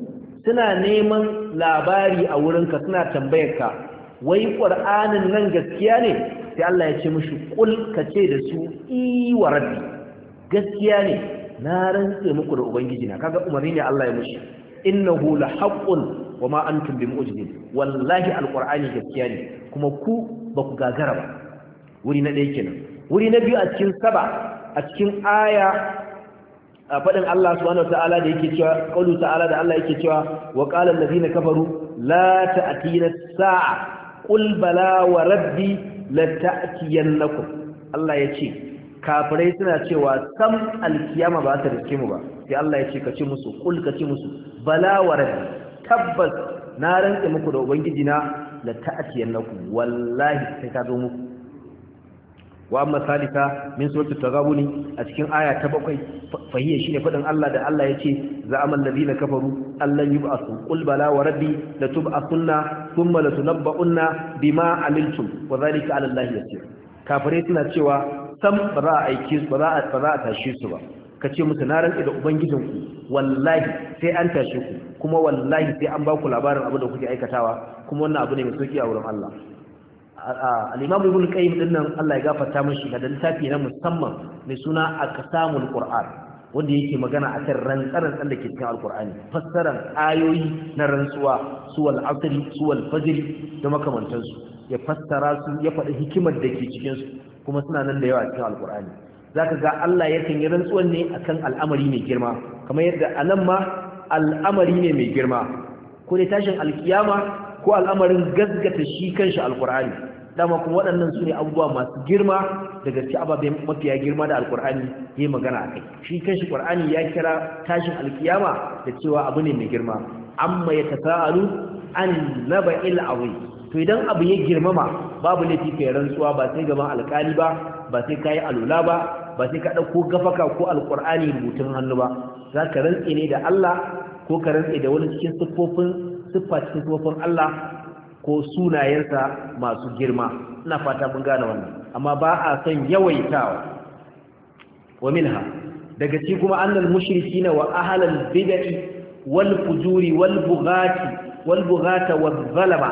suna neman labari a wurinka suna tambayar ka wai ƙur'anin nan gaskiya ne sai Allah ya ce mushi ƙul ka ce da su i wa gaskiya ne na rantse muku da ubangiji na kaga umarni ne Allah ya mushi innahu la haqqun wa ma antum bi mu'jizin wallahi alqur'ani gaskiya ne kuma ku ba ku gagara ba wuri na ɗaya kenan wuri na biyu a cikin saba a cikin aya a faɗin Allah subhanahu ta'ala da yake cewa qaulu ta'ala da Allah yake cewa wa qala allazina kafaru la ta'tina sa'a qul bala wa rabbi la ta'tiyannakum Allah yace kafirai suna cewa sam alkiyama ba ta riske mu ba sai Allah ce ka ce musu qul ka ce musu bala wa rabbi tabbas na rantsa muku da ubangiji na la ta'tiyannakum wallahi sai ka zo muku wa amma salika min suratul tagabuni a cikin aya ta bakwai fahiya shine fadin Allah da Allah yace za amal ladina kafaru allan yub'asu qul bala wa rabbi la tub'asunna thumma la tunabba'unna bima amiltum wa zalika ala Allah yasir Kafare suna cewa sam ba za a aike su ba za a ba za a tashi su ba kace musu na rantsa da ku wallahi sai an tashi ku kuma wallahi sai an ba ku labarin abu da kuke aikatawa kuma wannan abu ne mai sauki a wurin Allah al-imam ibn qayyim din nan Allah ya gafarta mishi da littafi na musamman mai suna aqsamul qur'an wanda yake magana akan rantsaran tsan da ke cikin alqur'ani fassarar ayoyi na rantsuwa suwal asr suwal fajiri da makamantansu ya fassara su ya faɗi hikimar da ke cikin su kuma suna nan da yawa cikin Za zaka ga Allah yakan yi rantsuwan ne akan al'amari mai girma kamar yadda anan ma al'amari ne mai girma ko ne tashin alkiyama ko al'amarin gaskata shi kanshi alkur'ani dama kuma waɗannan su ne abubuwa masu girma daga ci ababe mafiya girma da Alƙur'ani, ya magana a kai shi kanshi ƙur'ani ya kira tashin alkiyama da cewa abu ne mai girma amma ya tasa'alu an naba il'awi to idan abu ya girmama babu laifi kai rantsuwa ba sai gaban alƙali ba ba sai kayi alula ba ba sai ka ɗauko gafaka ko alkur'ani rubutun hannu ba za ka rantse ne da Allah ko ka rantse da wani cikin siffofin siffa cikin siffofin Allah ko sunayensa masu girma ina fata mun gane wannan amma ba a son yawaitawa wa minha daga ci kuma annal mushrikina wa ahlal bid'i wal fujuri wal bughati wal bughata wal zalama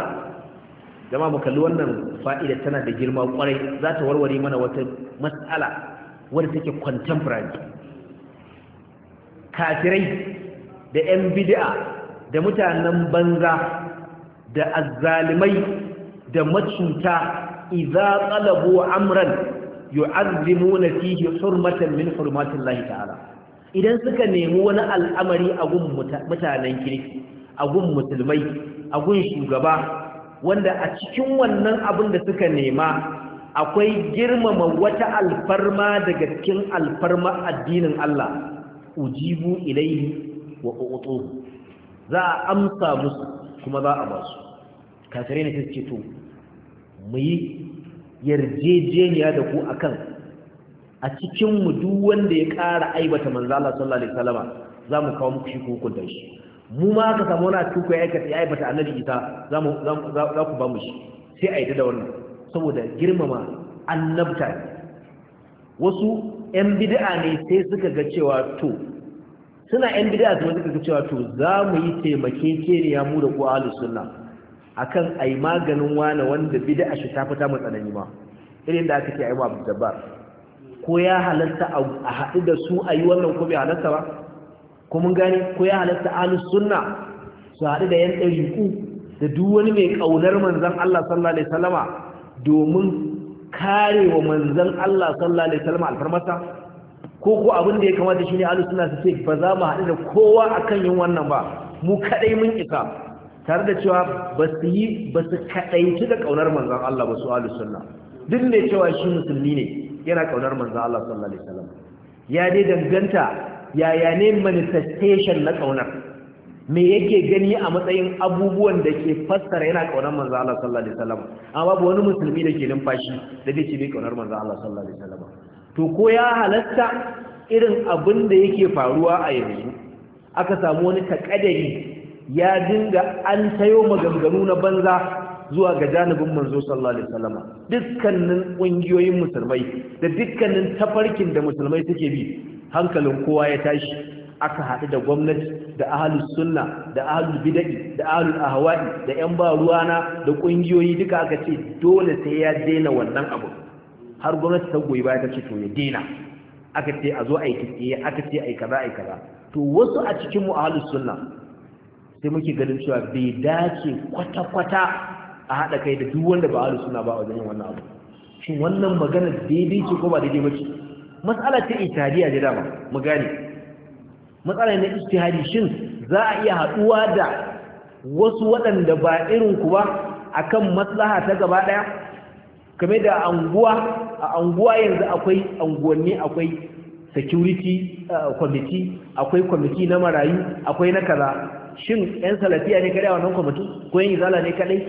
jama'a mu kalli wannan fa'ida tana da girma kwarai za ta warware mana wata mas'ala wadda take contemporary kafirai da 'yan bid'a da mutanen banza da azzalimai da macuta idza talabu amran yu'azzimuna fihi hurmatan min hurmatillahi ta'ala idan suka nemi wani al'amari a gun mutanen kirki a gun musulmai a gun shugaba wanda a cikin wannan abin da suka nema akwai girmama wata alfarma daga cikin alfarma addinin Allah ujibu ilaihi wa uqutuhu za a amsa musu kuma za a basu kafirai ne suke to mu yi yarjejeniya da ku akan a cikin mu duk wanda ya ƙara aibata manzo Allah sallallahu alaihi wasallama za mu kawo muku shi ko hukunta shi mu ma aka samu wani tuku ya aikata ya aibata annabi isa za mu za ku ba mu shi sai a yi da wannan saboda girmama annabta wasu yan bid'a ne sai suka ga cewa to suna yan bid'a kuma suka ga cewa to za mu yi taimakekeniya mu da ku ahlus sunna akan ai maganin wani wanda bid'a shi ta fita mu tsanani ma irin da aka ke ai Abu bar. ko ya halatta a haɗu da su yi wannan ko bai halatta ba ko mun gane ko ya halatta alus sunna su haɗu da yan ku da duk wani mai ƙaunar manzon Allah sallallahu alaihi wasallama domin kare wa manzon Allah sallallahu alaihi wasallama alfarmata ko ko abin da ya kamata shine alus sunna su ce ba za mu haɗu da kowa akan yin wannan ba mu kadai mun isa tare da cewa ba su yi ba su kaɗaici da ƙaunar manzan Allah ba su alu sunna duk ne cewa shi musulmi ne yana ƙaunar manzan Allah sallallahu alaihi wasallam ya dai danganta yaya ne manifestation na ƙaunar me yake gani a matsayin abubuwan da ke fassara yana ƙaunar manzan Allah sallallahu alaihi wasallam amma babu wani musulmi da ke numfashi da zai ce bai ƙaunar manzan Allah sallallahu alaihi wasallam to ko ya halatta irin abin da yake faruwa a yanzu aka samu wani takadari ya dinga an tayo maganganu na banza zuwa ga janibin manzo sallallahu alaihi wasallam dukkanin kungiyoyin musulmai da dukkanin tafarkin da musulmai suke bi hankalin kowa ya tashi aka haɗu da gwamnati da ahlus sunna da ahlul bid'ah da ahlul ahwa'i da yan ba ruwana da kungiyoyi duka aka ce dole sai ya daina wannan abu har gwamnati ta goyi baya ta ce to ya daina aka ce a zo aiki. yi aka ce a yi kaza ai kaza to wasu a cikin mu ahlus sunna sai muke ganin cewa bai dace kwata-kwata a haɗa kai da duk wanda ba a suna ba wajen yin wannan abu shin wannan magana daidai ce ko ba daidai ba ce matsala ta italiya da dama mu gane matsala na istihari shin za a iya haɗuwa da wasu waɗanda ba irin ku ba akan maslaha ta gaba ɗaya kamar da anguwa a anguwa yanzu akwai anguwanni akwai security eh, committee akwai committee na marayu akwai na kaza shin ɗan salafiya ne kare a wannan kwamitin ko yin izala ne kadai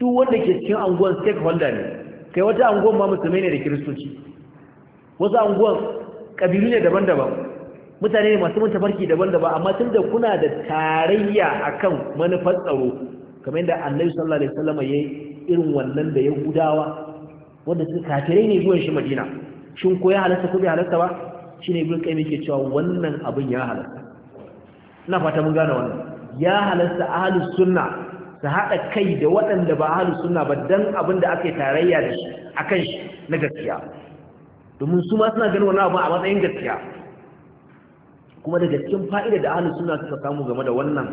duk wanda ke cikin anguwan stakeholder ne kai wata anguwan ma musulmai ne da kiristoci wasu anguwan kabilu ne daban-daban mutane ne masu tafarki daban-daban amma tun da kuna da tarayya akan manufar tsaro kamar yadda annabi sallallahu alaihi wasallama ya irin wannan da yahudawa wanda su kafirai ne zuwan shi madina shin ko ya halatta ko bai halatta ba shine ibn qayyim yake cewa wannan abin ya halatta ina fata mun gane wannan ya halasta ahalus sunna su haɗa kai da waɗanda ba ahalus sunna ba don abin da aka tarayya da shi a kan shi na gaskiya domin su ma suna ganin wani abu a matsayin gaskiya kuma daga cikin fa'ida da ahalus sunna suka samu game da wannan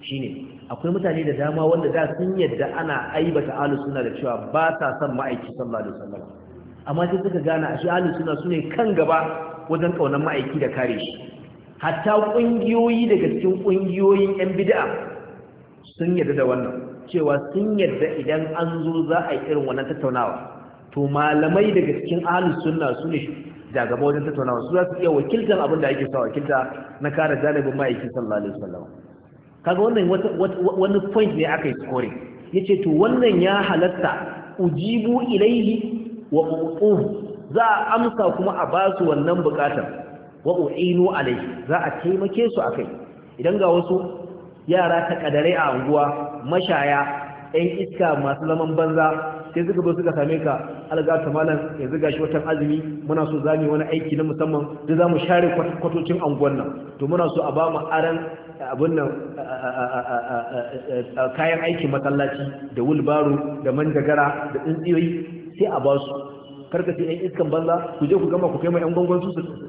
shine akwai mutane da dama wanda za sun yadda ana aibata ahalus sunna da cewa ba sa son ma'aiki sallallahu alaihi wasallam amma sai suka gane a shi ahalus sunna sune kan gaba wajen kaunar ma'aiki da kare shi hatta ƙungiyoyi daga cikin ƙungiyoyin 'yan bid'a sun yarda da wannan cewa sun yarda idan an zo za a yi irin wannan tattaunawa to malamai daga cikin ahlus sunna su ne jagaba wajen tattaunawa su za su iya wakiltar abin da ake sa wakilta na kare janibin ma'aiki sallallahu alaihi wasallam kaga wannan wani point ne aka yi Ya yace to wannan ya halatta ujibu ilaihi wa uqu za a amsa kuma a basu wannan bukatar wa u'inu alai za a taimake su akai idan ga wasu yara ta kadare a anguwa mashaya ɗan iska masu zaman banza sai suka zo suka same ka alga ta malam ya zuga shi watan azumi muna so zami wani aiki na musamman da zamu share kwatocin anguwan nan to muna so a ba mu aran abun nan kayan aikin masallaci da wulbaro da manjagara da tsintsiyoyi sai a ba su karka sai ɗan iskan banza ku je ku gama ku kai ma ƴan gwangwan su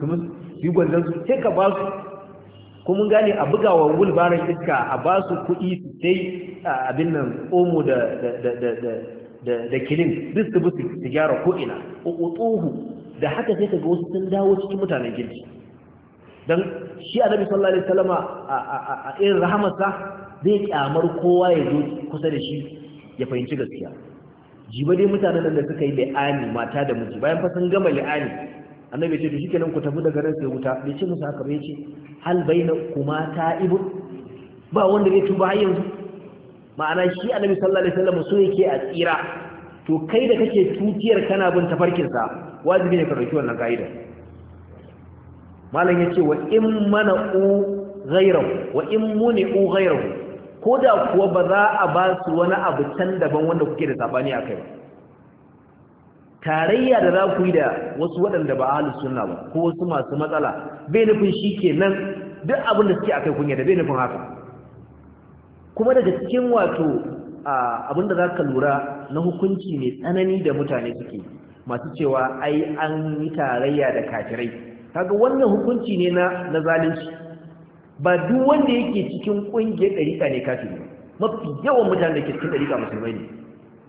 kamar yi gwanzon su sai ka ba su kuma gane a bugawa wa wulbaran iska a ba su kuɗi su sai abin nan omo da kilin duk su bi su gyara ko'ina uku da haka sai ka ga wasu sun dawo cikin mutanen girki don shi annabi sallallahu alaihi a irin rahamarsa zai kyamar kowa ya zo kusa da shi ya fahimci gaskiya jiba dai mutanen da suka yi la'ani mata da miji bayan fa gama la'ani annabi ya ce to shikenan ku tafi daga ran sai wuta bai ce musu haka bai ce hal baina kuma ta'ibu ba wanda zai tuba har yanzu ma'ana shi annabi sallallahu alaihi wasallam so yake a tsira to kai da kake tutiyar kana bin tafarkin sa wajibi ne ka dauki wannan kaida malam yace wa in mana'u ghayra wa in muni'u ko koda kuwa ba za a ba su wani abu can daban wanda kuke da sabani akai ba tarayya da za ku yi da wasu waɗanda ba ahalus sunna ba ko wasu masu matsala bai nufin shi ke nan duk abin da suke akai kunya da bai nufin haka kuma daga cikin wato abin da za ka lura na hukunci mai tsanani da mutane suke masu cewa ai an yi tarayya da kafirai kaga wannan hukunci ne na na zalunci ba duk wanda yake cikin ƙungiyar ɗariƙa ne kafin mafi yawan mutane da ke cikin ɗariƙa musulmai ne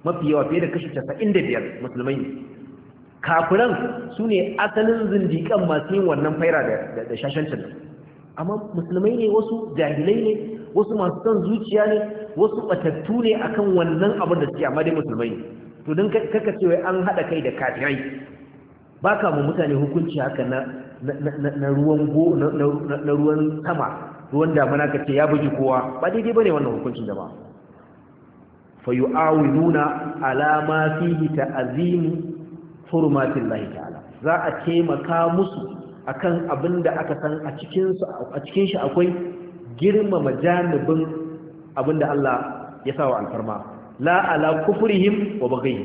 mafi yawa fiye da kashi casa'in da biyar musulmai ne kafiran su ne asalin zindikan masu yin wannan faira da shashancin amma musulmai ne wasu jahilai ne wasu masu son zuciya ne wasu batattu ne akan wannan abin da suke amma dai musulmai to don kaka cewa an haɗa kai da kafirai ba ka mu mutane hukunci haka na ruwan sama ruwan damana ka ce ya bugi kowa ba daidai ba ne wannan hukuncin da ba fa ala ma fihi ta'zim hurmatin lahi ta'ala za a taimaka musu akan abin da aka san a cikin su a cikin shi akwai girmama janibin abin da Allah ya sa wa alfarma la ala kufrihim wa baghi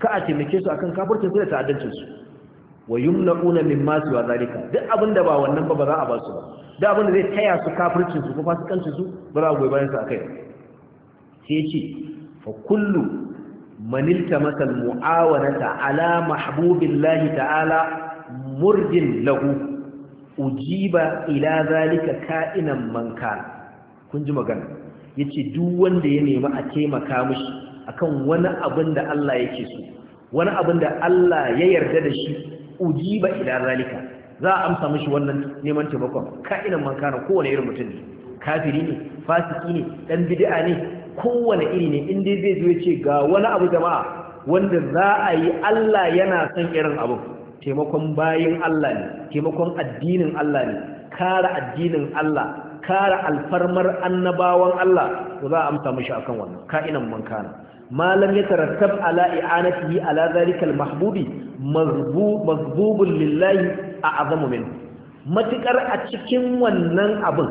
ka a taimake su akan kafircin su da ta'addancin su wa yumnauna mimma su wa zalika duk abinda ba wannan ba ba za a ba su ba duk abinda zai taya su kafircin su ko fasikancin su ba za a goyi bayan su akai sai ce fa kullu man iltamasa almu'awanata ala mahbubillahi ta'ala murjin lahu ujiba ila zalika ka'inan man kun ji magana yace duk wanda ya nemi a taimaka mishi akan wani abin da Allah yake so wani abin da Allah ya yarda da shi ujiba ila zalika za a amsa mashi wannan neman taimakon ka'inan man kana kowane irin mutum ne kafiri ne fasiki ne dan bid'a ne kowane iri ne in dai zai zo ya ce ga wani abu jama'a wanda za a yi Allah yana son irin abu taimakon bayin Allah ne taimakon addinin Allah ne Kara addinin Allah Kara alfarmar annabawan Allah za a amsa mishi akan wannan ka'inan man malam ya tarattab ala i'anatihi ala zalika al-mahbubi mazbubun lillahi a azamu minhu matukar a cikin wannan abin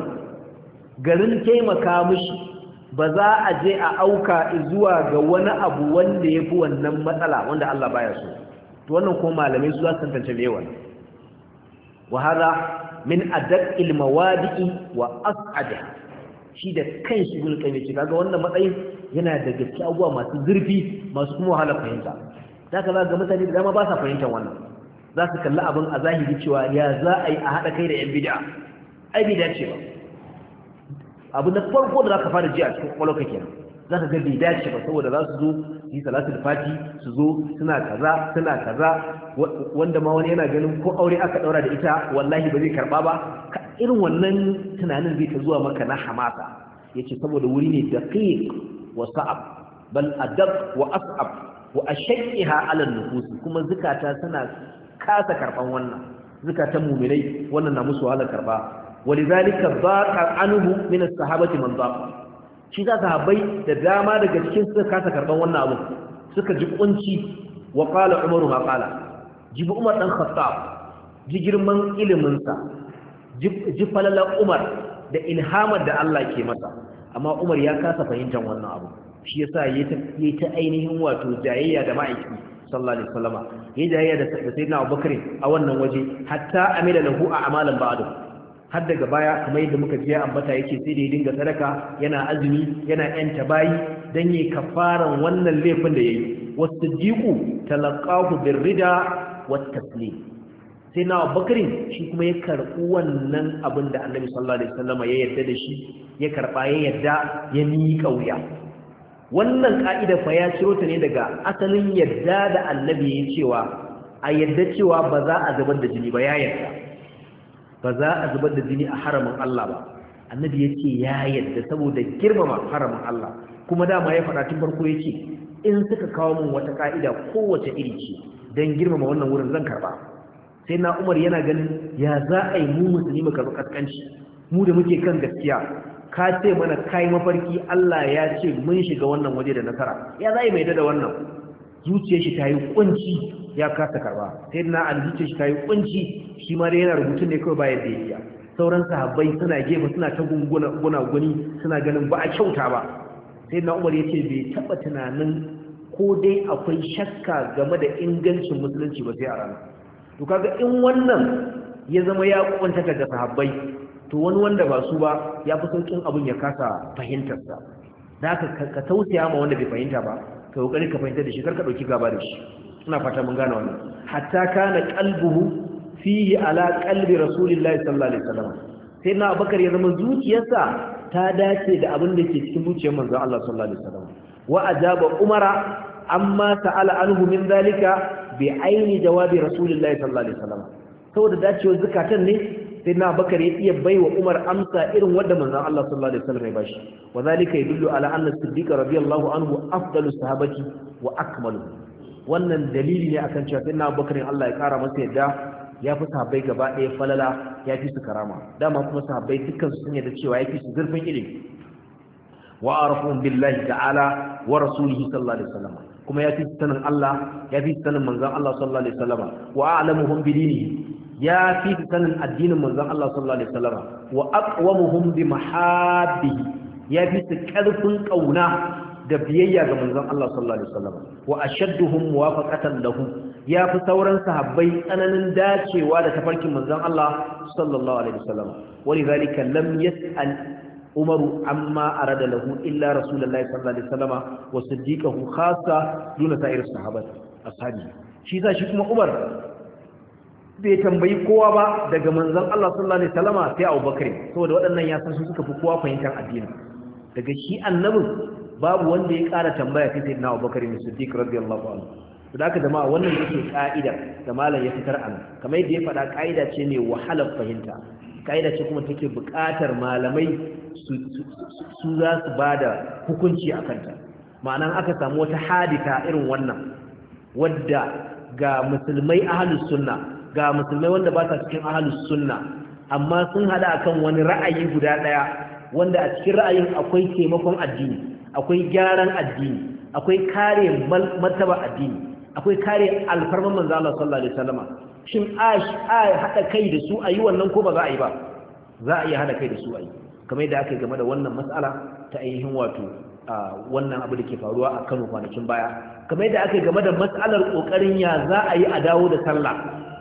garin taimaka mushi ba za a je a auka zuwa ga wani abu wanda ya fi wannan matsala wanda Allah baya so to wannan ko malamai su za su tantance me yawan wahala min adaqil mawadi'i wa as'ada shi da shi gulu kai ce kaga wannan matsayin yana da gaske abuwa masu zurfi masu kuma wahala fahimta zaka za ga mutane da dama ba sa fahimtar wannan za su kalli abin a zahiri cewa ya za a yi a haɗa kai da yan bid'a ai bid'a ce ba abu na farko da za ka fara ji a cikin kake kenan za ka ga bai dace ba saboda za su zo yi salatul fati su zo suna kaza suna kaza wanda ma wani yana ganin ko aure aka daura da ita wallahi ba zai karba ba irin wannan tunanin zai ta zuwa maka na hamasa ce saboda wuri ne daqiq wa sa'ab bal adab wa as'ab wa ashayha ala nufus kuma zukata tana kasa karban wannan zukatan mu'minai wannan na musu wahalar karba walidhalika baqa anhu min as-sahabati man baqa shi za sahabbai da dama daga cikin suka kasa karban wannan abu suka ji kunci wa qala umaru ma qala jibi umar dan khattab ji girman ilimin sa ji falala umar da ilhamar da Allah ke masa amma umar ya kasa fahimtar wannan abu shi yasa yayi ta ainihin wato jayayya da ma'aiki sallallahu alaihi wasallama yayi jayayya da sayyidina abubakar a wannan waje hatta amila lahu a amalan ba'du har daga baya kamar yadda muka ji ambata yake sai da ya dinga sadaka yana azumi yana yanta bayi dan yi kafaran wannan laifin da yayi wasiddiqu talaqahu birrida wattaslim sai na shi kuma ya karɓi wannan abin da annabi sallallahu alaihi wasallama ya yarda da shi ya karba ya yarda ya miƙa wuya wannan ka'ida fa ya ciro ta ne daga asalin yarda da annabi ya cewa a yarda cewa ba za a zubar da jini ba ya yarda ba za a zubar da jini a haramin Allah ba annabi yace ya yadda saboda girmama haramin Allah kuma dama ya faɗa tun farko yace in suka kawo min wata ka'ida kowace iri ce dan girmama wannan wurin zan karba sai na Umar yana ganin ya za a yi mu musulmi mu karbi kaskanci mu da muke kan gaskiya ka ce mana kai mafarki Allah ya ce mun shiga wannan waje da nasara ya za a yi mai da wannan zuciyar shi ta yi kunci ya kasa karba sai na ali zuciyar shi ta yi kunci shi ma dai yana rubutun ne kawai ba yadda ya iya sauran sahabbai suna gefe suna ta gunguna gunaguni suna ganin ba a kyauta ba sai na umar ya ce bai taba tunanin ko dai akwai shakka game da ingancin musulunci ba sai a rana to kaga in wannan ya zama ya kwanta daga sahabbai to wani wanda ba su ba ya fi saukin abin ya kasa fahimtarsa Za ka tausaya ma wanda bai fahimta ba ka kokari ka fahimta da shi karka dauki gaba da shi ina fata mun gane wannan hatta kana qalbuhu fihi ala qalbi rasulillahi sallallahu alaihi wasallam sai na abakar ya zama zuciyarsa ta dace da abin da ke cikin zuciyar manzo Allah sallallahu alaihi wasallam wa ajaba umara amma ta'ala anhu min zalika bi aini jawabi rasulillahi sallallahu alaihi wasallam saboda dacewar zakatan ne sai na bakar ya iya bai wa umar amsa irin wadda manzan Allah sallallahu alaihi wasallam ya bashi wa zalika yadullu ala anna siddiqa radiyallahu anhu afdalu sahabati wa akmalu wannan dalili ne akan cewa sayyidina abubakar Allah ya kara masa yadda ya fi sahabbai gaba ɗaya falala ya fi su karama dama kuma sahabbai dukkan su sun yadda cewa ya fi su zurfin ilimi wa arafun billahi ta'ala wa rasulihi sallallahu alaihi wasallam kuma ya fi sanin Allah ya fi sanin manzon Allah sallallahu alaihi wasallam wa a'lamuhum bi dinihi ya fi sanin addinin manzan Allah sallallahu alaihi wasallam wa aqwamuhum bi mahabbihi ya fi su karfin ƙauna da biyayya ga manzan Allah sallallahu alaihi wasallam wa ashadduhum muwafaqatan lahum ya fi sauran sahabbai tsananin dacewa da tafarkin manzan Allah sallallahu alaihi wasallam walidhalika lam yas'al umaru amma arada lahu illa rasulullahi sallallahu alaihi wasallam wa siddiqahu khassa duna sa'ir sahabati ashabi shi za shi kuma umar bai tambayi kowa ba daga manzon Allah sallallahu alaihi wasallam sai Abu Bakar saboda waɗannan ya san su suka fi kowa fahimtar addini daga shi annabi babu wanda ya ƙara tambaya sai sayyidina Abu Bakar Siddiq radiyallahu anhu da haka jama'a wannan yake ka'ida da malam ya fitar an kamar yadda ya faɗa ka'ida ce ne wahala fahimta ka'ida ce kuma take buƙatar malamai su za su bada hukunci a kanta ma'anan aka samu wata hadita irin wannan wadda ga musulmai ahlus sunna ga musulmai wanda ba sa cikin ahalus sunna amma sun hada akan wani ra'ayi guda daya wanda a cikin ra'ayin akwai taimakon addini akwai gyaran addini akwai kare martaba addini akwai kare alfarman manzo Allah sallallahu alaihi wasallama shin ash hada kai da su ayi wannan ko ba za a yi ba za a iya hada kai da su ayi kamar yadda aka yi game da wannan mas'ala ta ainihin wato wannan abu da ke faruwa a Kano kwanakin baya kamar yadda aka yi game da matsalar kokarin ya za a yi a dawo da sallah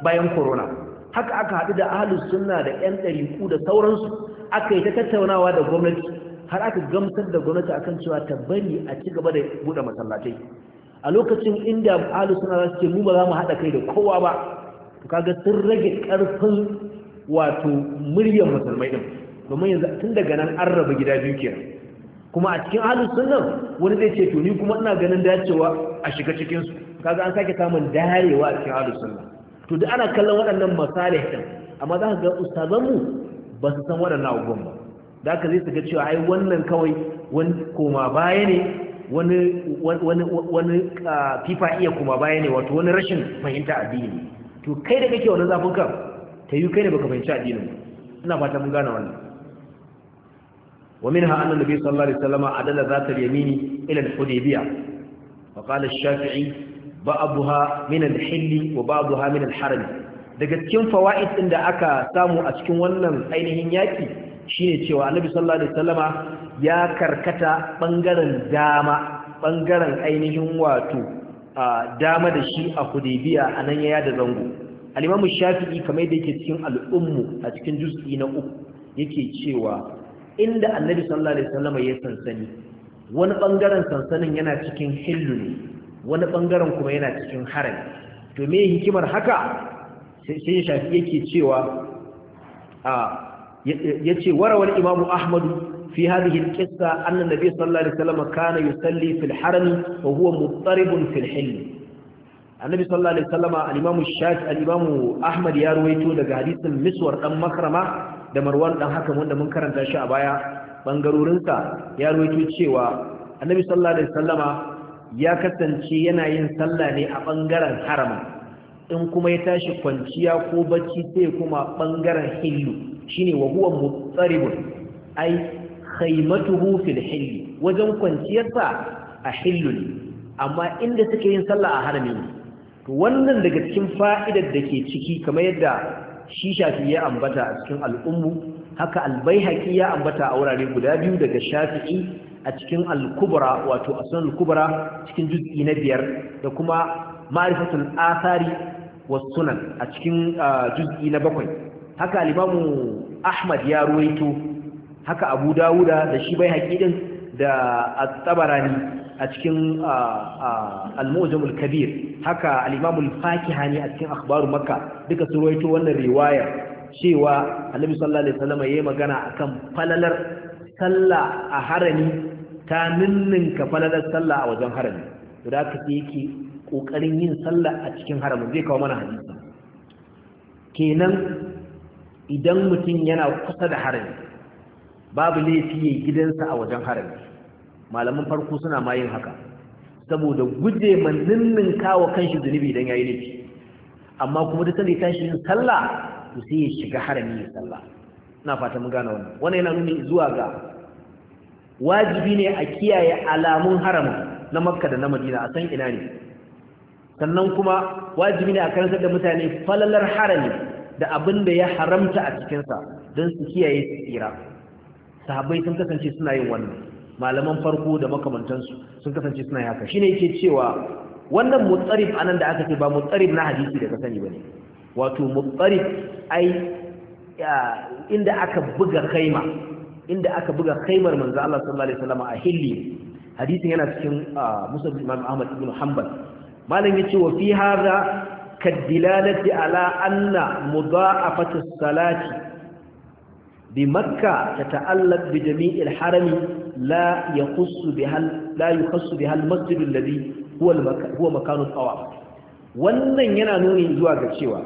bayan corona haka aka haɗu da ahalus sunna da ƴan ɗariku da sauransu aka yi ta tattaunawa da gwamnati har aka gamsar da gwamnati akan cewa ta bari a ci gaba da buɗe masallatai a lokacin inda ahalus suna za su ce mu ba za mu haɗa kai da kowa ba to kaga sun rage ƙarfin wato muryar musulmai ɗin. domin yanzu tun daga nan an raba gida biyu kenan kuma a cikin ahlus sunna wani zai ce to ni kuma ina ganin dacewa a shiga cikin su kaga an sake samun darewa a cikin ahlus sunna to duk ana kallon waɗannan masalih din amma za ka ga ustazan ba su san waɗannan abubuwan ba da ka zai ga cewa ai wannan kawai wani koma baya ne wani wani wani fifa iya koma baya ne wato wani rashin fahimta addini to kai da kake wannan zafin kan ta kai ne baka fahimci addinin ina fata mun gane wannan ومنها أن النبي صلى الله عليه وسلم عدل ذات اليمين إلى الحديبية فقال الشافعي بعضها من الحل وبعضها من الحرم daga cikin fawaid ɗin da aka samu a cikin wannan ainihin yaƙi shine cewa Annabi sallallahu alaihi ya karkata ɓangaren dama bangaren ainihin wato dama da shi a Hudaybiya anan yaya da zango Al-Imam Shafi'i kamar da yake cikin al a cikin juz'i na uku yake cewa inda annabi sallallahu alaihi wasallam ya sansani wani bangaren sansanin yana cikin hillu ne wani bangaren kuma yana cikin harami to me hikimar haka sai shafi yake cewa a yace warawal imamu ahmadu fi hadhihi alqissa anna nabiy sallallahu alaihi wasallam kana yusalli fil harami wa huwa muttarib fil hill annabi sallallahu alaihi wasallam al-imamu shafi al-imamu ahmad ya ruwaito daga hadisin miswar dan makrama da marwan dan haka wanda mun karanta shi a baya bangarorinsa ya ruwaito cewa annabi sallallahu alaihi wasallama ya kasance yana yin sallah ne a bangaren haram in kuma ya tashi kwanciya ko bacci sai kuma bangaren hillu shine wa huwa mutsaribun ai khaymatuhu fil hilli wajen kwanciyarsa a hillu ne amma inda suke yin sallah a harami to wannan daga cikin fa'idar da ke ciki kamar yadda shi shafi ya ambata a cikin al'ummu haka albaihaki ya ambata a wurare guda biyu daga shafi'i a cikin al wato a al-kubra cikin juz'i na biyar da kuma ma'rifatul asari wa sunan a cikin juz'i na bakwai haka al-imamu ahmad ya ruwaito haka abu dawuda da shi bai haƙi din da at-tabarani a cikin al al kabir haka al-imam al-fakihani a cikin akhbaru makka duka su ruwaito wannan riwaya cewa annabi sallallahu alaihi wasallam yayi magana akan falalar sallah a harami ta ninninka falalar sallah a wajen harami to da ka yake kokarin yin sallah a cikin harami zai kawo mana hadisi kenan idan mutum yana kusa da harami babu laifi ya gidansa a wajen harami malaman farko suna ma yin haka saboda guje ma ninnin kawo kanshi zunubi idan yi laifi amma kuma da sani tashi yin sallah to sai ya shiga harami ya sallah ina fata mun gane wannan wannan yana nuni zuwa ga wajibi ne a kiyaye alamun haramun na Makka da na Madina a san ina ne sannan kuma wajibi ne a karantar da mutane falalar harami da abin da ya haramta a cikinsa don su kiyaye tsira sahabbai sun kasance suna yin wannan malaman farko da makamantansu sun kasance suna haka ne ke cewa wannan mutsarib nan da aka ce ba mutsarib na hadisi da ka sani ne? wato mutsarib ai inda aka buga kaima inda aka buga kaimar manzo Allah sallallahu alaihi wasallam a hilli hadisin yana cikin musnad Imam Ahmad ibn Hanbal malam yace wa fi hadha kadilalati ala anna mudha'afatu salati bi makkah tata'allaq bi jami'il harami la yakhussu bihal la yakhussu bihal masjid alladhi huwa huwa makanu tawaf wannan yana nuni zuwa ga cewa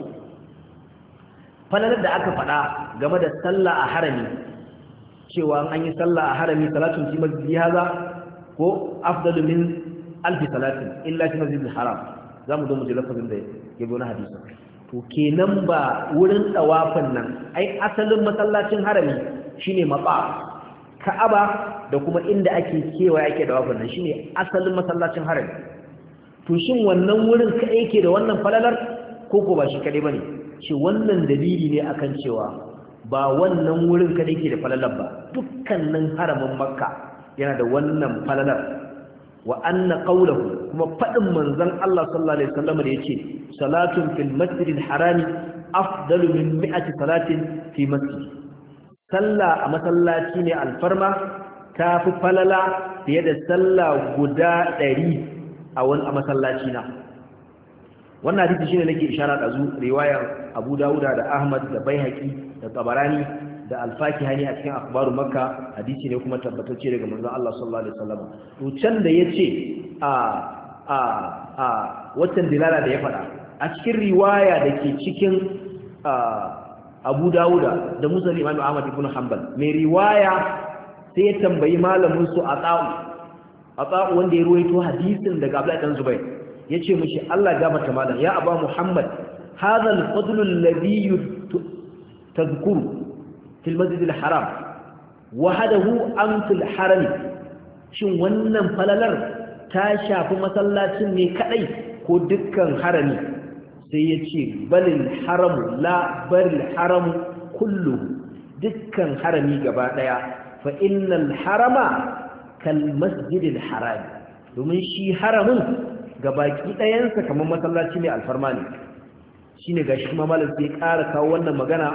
falalar da aka faɗa game da sallah a harami cewa an yi sallah a harami salatun fi masjidi haza ko afdalu min alfi salatin illa fi masjidil haram mu zo mu ji lafazin da ya bi wani hadisi to kenan ba wurin tsawafin nan ai asalin masallacin harami shine maɓa ka'aba da kuma inda ake kewa yake da wafin nan ne asalin masallacin haram Tushin wannan wurin ka yake da wannan falalar ko ko ba shi kadai bane shi wannan dalili ne akan cewa ba wannan wurin kadai yake da falalar ba dukkanin haramin makka yana da wannan falalar wa na qawluhu kuma faɗin manzon Allah sallallahu alaihi wasallam da yace salatun fil harami afdalu min mi'ati salatin fi masjid a masallaci ne alfarma ta fi falala fiye da sallah guda ɗari a wani a masallaci na wannan hadisi shine nake ishara da zu riwayar Abu Dawuda da Ahmad da Baihaqi da Tabarani da Al-Fakihi a cikin akhbaru Makka hadisi ne kuma tabbatacce daga manzon Allah sallallahu alaihi wasallam to can da yace a a a dilala da ya faɗa a cikin riwaya dake cikin Abu Dawuda da Muslim Imam Ahmad ibn Hanbal mai riwaya sai ya tambayi malamin su a tsa'u a wanda ya ruwaito hadisin daga Abdullahi dan Zubair yace mishi Allah ta malam ya aba Muhammad hadha al Labiyu ta tadhkuru fil haram wahadahu am harami shin wannan falalar ta shafi masallacin ne kaɗai ko dukkan harami sai yace balil haramu la baril haramu kullum, dukkan harami gaba ɗaya. fa harama kan masjidil harami domin shi haramin ga baki ɗayansa kamar masallaci mai alfarma ne shine gashi kuma malam sai ƙara kawo wannan magana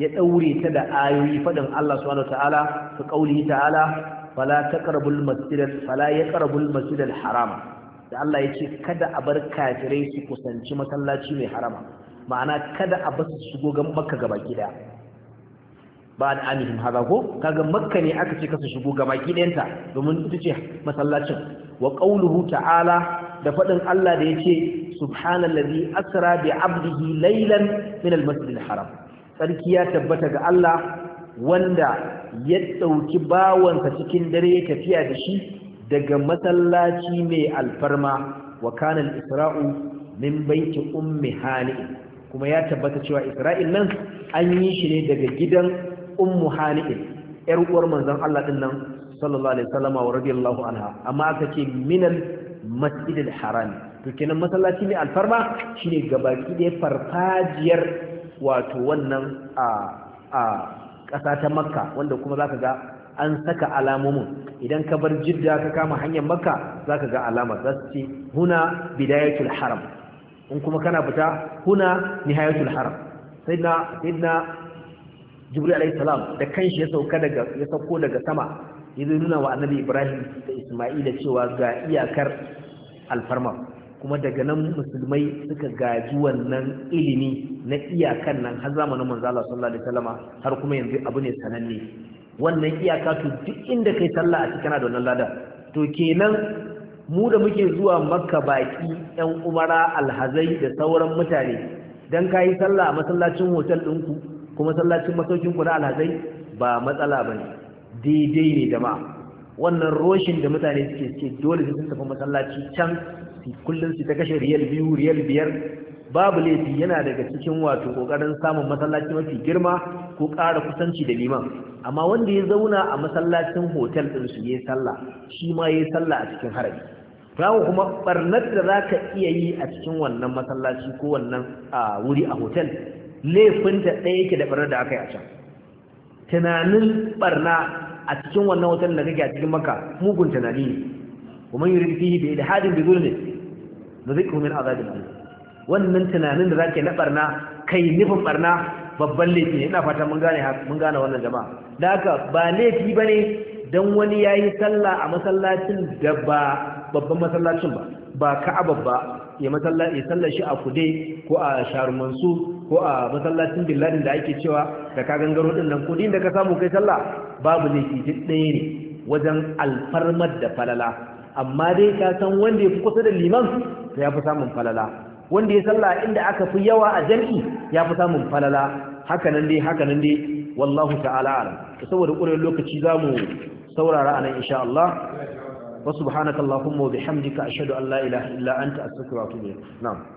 ya ɗaure ta da ayoyi faɗin Allah subhanahu ta'ala fi qaulihi ta'ala fala ya masjidal fala harama da Allah ya ce kada a bar kafirai su kusanci masallaci mai harama ma'ana kada a basu shigo gan ga gaba gida ba da amihim haza ko kaga makka ne aka ce kasa shigo gaba ɗayanta domin ita ce masallacin wa qauluhu ta'ala da faɗin Allah da yace subhanallazi asra bi 'abdihi laylan min al-masjidil haram sarki ya tabbata ga Allah wanda ya dauki bawansa cikin dare ya tafiya da shi daga masallaci mai alfarma wa kana al-isra'u min baiti ummi hani kuma ya tabbata cewa Isra'il nan an yi shi ne daga gidan ummu hani'in yar uwar manzon Allah din nan sallallahu alaihi wasallama wa radiyallahu anha amma aka ce minal masjidil haram to kenan masallaci ne alfarma shine gabaki da farfajiyar wato wannan a a ƙasa ta makka wanda kuma zaka ga an saka alamomin idan ka bar jidda ka kama hanyar makka zaka ga alama za su ce huna bidayatul haram in kuma kana fita huna nihayatul haram sayyidina sayyidina jibril alayhi salam da kanshi ya sauka daga ya sauko daga sama ya nuna wa annabi ibrahim da isma'ila cewa ga iyakar alfarma kuma daga nan musulmai suka gaji wannan ilimi na iyakan nan har zamanin manzo Allah sallallahu alaihi wasallam har kuma yanzu abu ne sananne wannan iyaka to duk inda kai sallah a cikin da wannan ladan to kenan mu da muke zuwa makka baki yan umara alhazai da sauran mutane dan kai sallah a masallacin hotel ɗinku kuma sallacin masaukin ku na alhazai ba matsala ba ne daidai ne jama'a wannan roshin da mutane suke ce dole su tafi masallaci can kullum su ta kashe riyal biyu riyal biyar babu laifi yana daga cikin wato kokarin samun masallaci mafi girma ko ƙara kusanci da liman amma wanda ya zauna a masallacin hotel ɗin su yayi sallah shi ma yayi sallah a cikin harabi kawo kuma barnar da zaka iya yi a cikin wannan masallaci ko wannan wuri a hotel laifinta ɗaya yake da ɓarnar da aka yi a can tunanin ɓarna a cikin wannan wutan da kake a cikin maka mugun tunani ne kuma yi rikici bai da hadin bai ne da zai kuma a azabin ne wannan tunanin da zake na ɓarna kai nufin ɓarna babban laifi ne ina fata mun gane mun gane wannan jama'a da haka ba laifi ba ne don wani ya yi sallah a masallacin da ba babban masallacin ba ba ka'aba ba ya masallaci shi a kude ko a sharumansu ko a masallacin billadin da ake cewa da ka gangaro din nan kudin da ka samu kai sallah babu ne ɗaya ne wajen alfarmar da falala amma dai ka san wanda ya fi kusa da liman to ya fi samun falala wanda ya sallah inda aka fi yawa a jam'i ya fi samun falala haka nan dai haka nan dai wallahu ta'ala saboda ƙurar lokaci za mu saurara a nan insha Allah wa subhanakallahumma wa bihamdika ashhadu an la ilaha illa anta astaghfiruka wa atubu ilayk na'am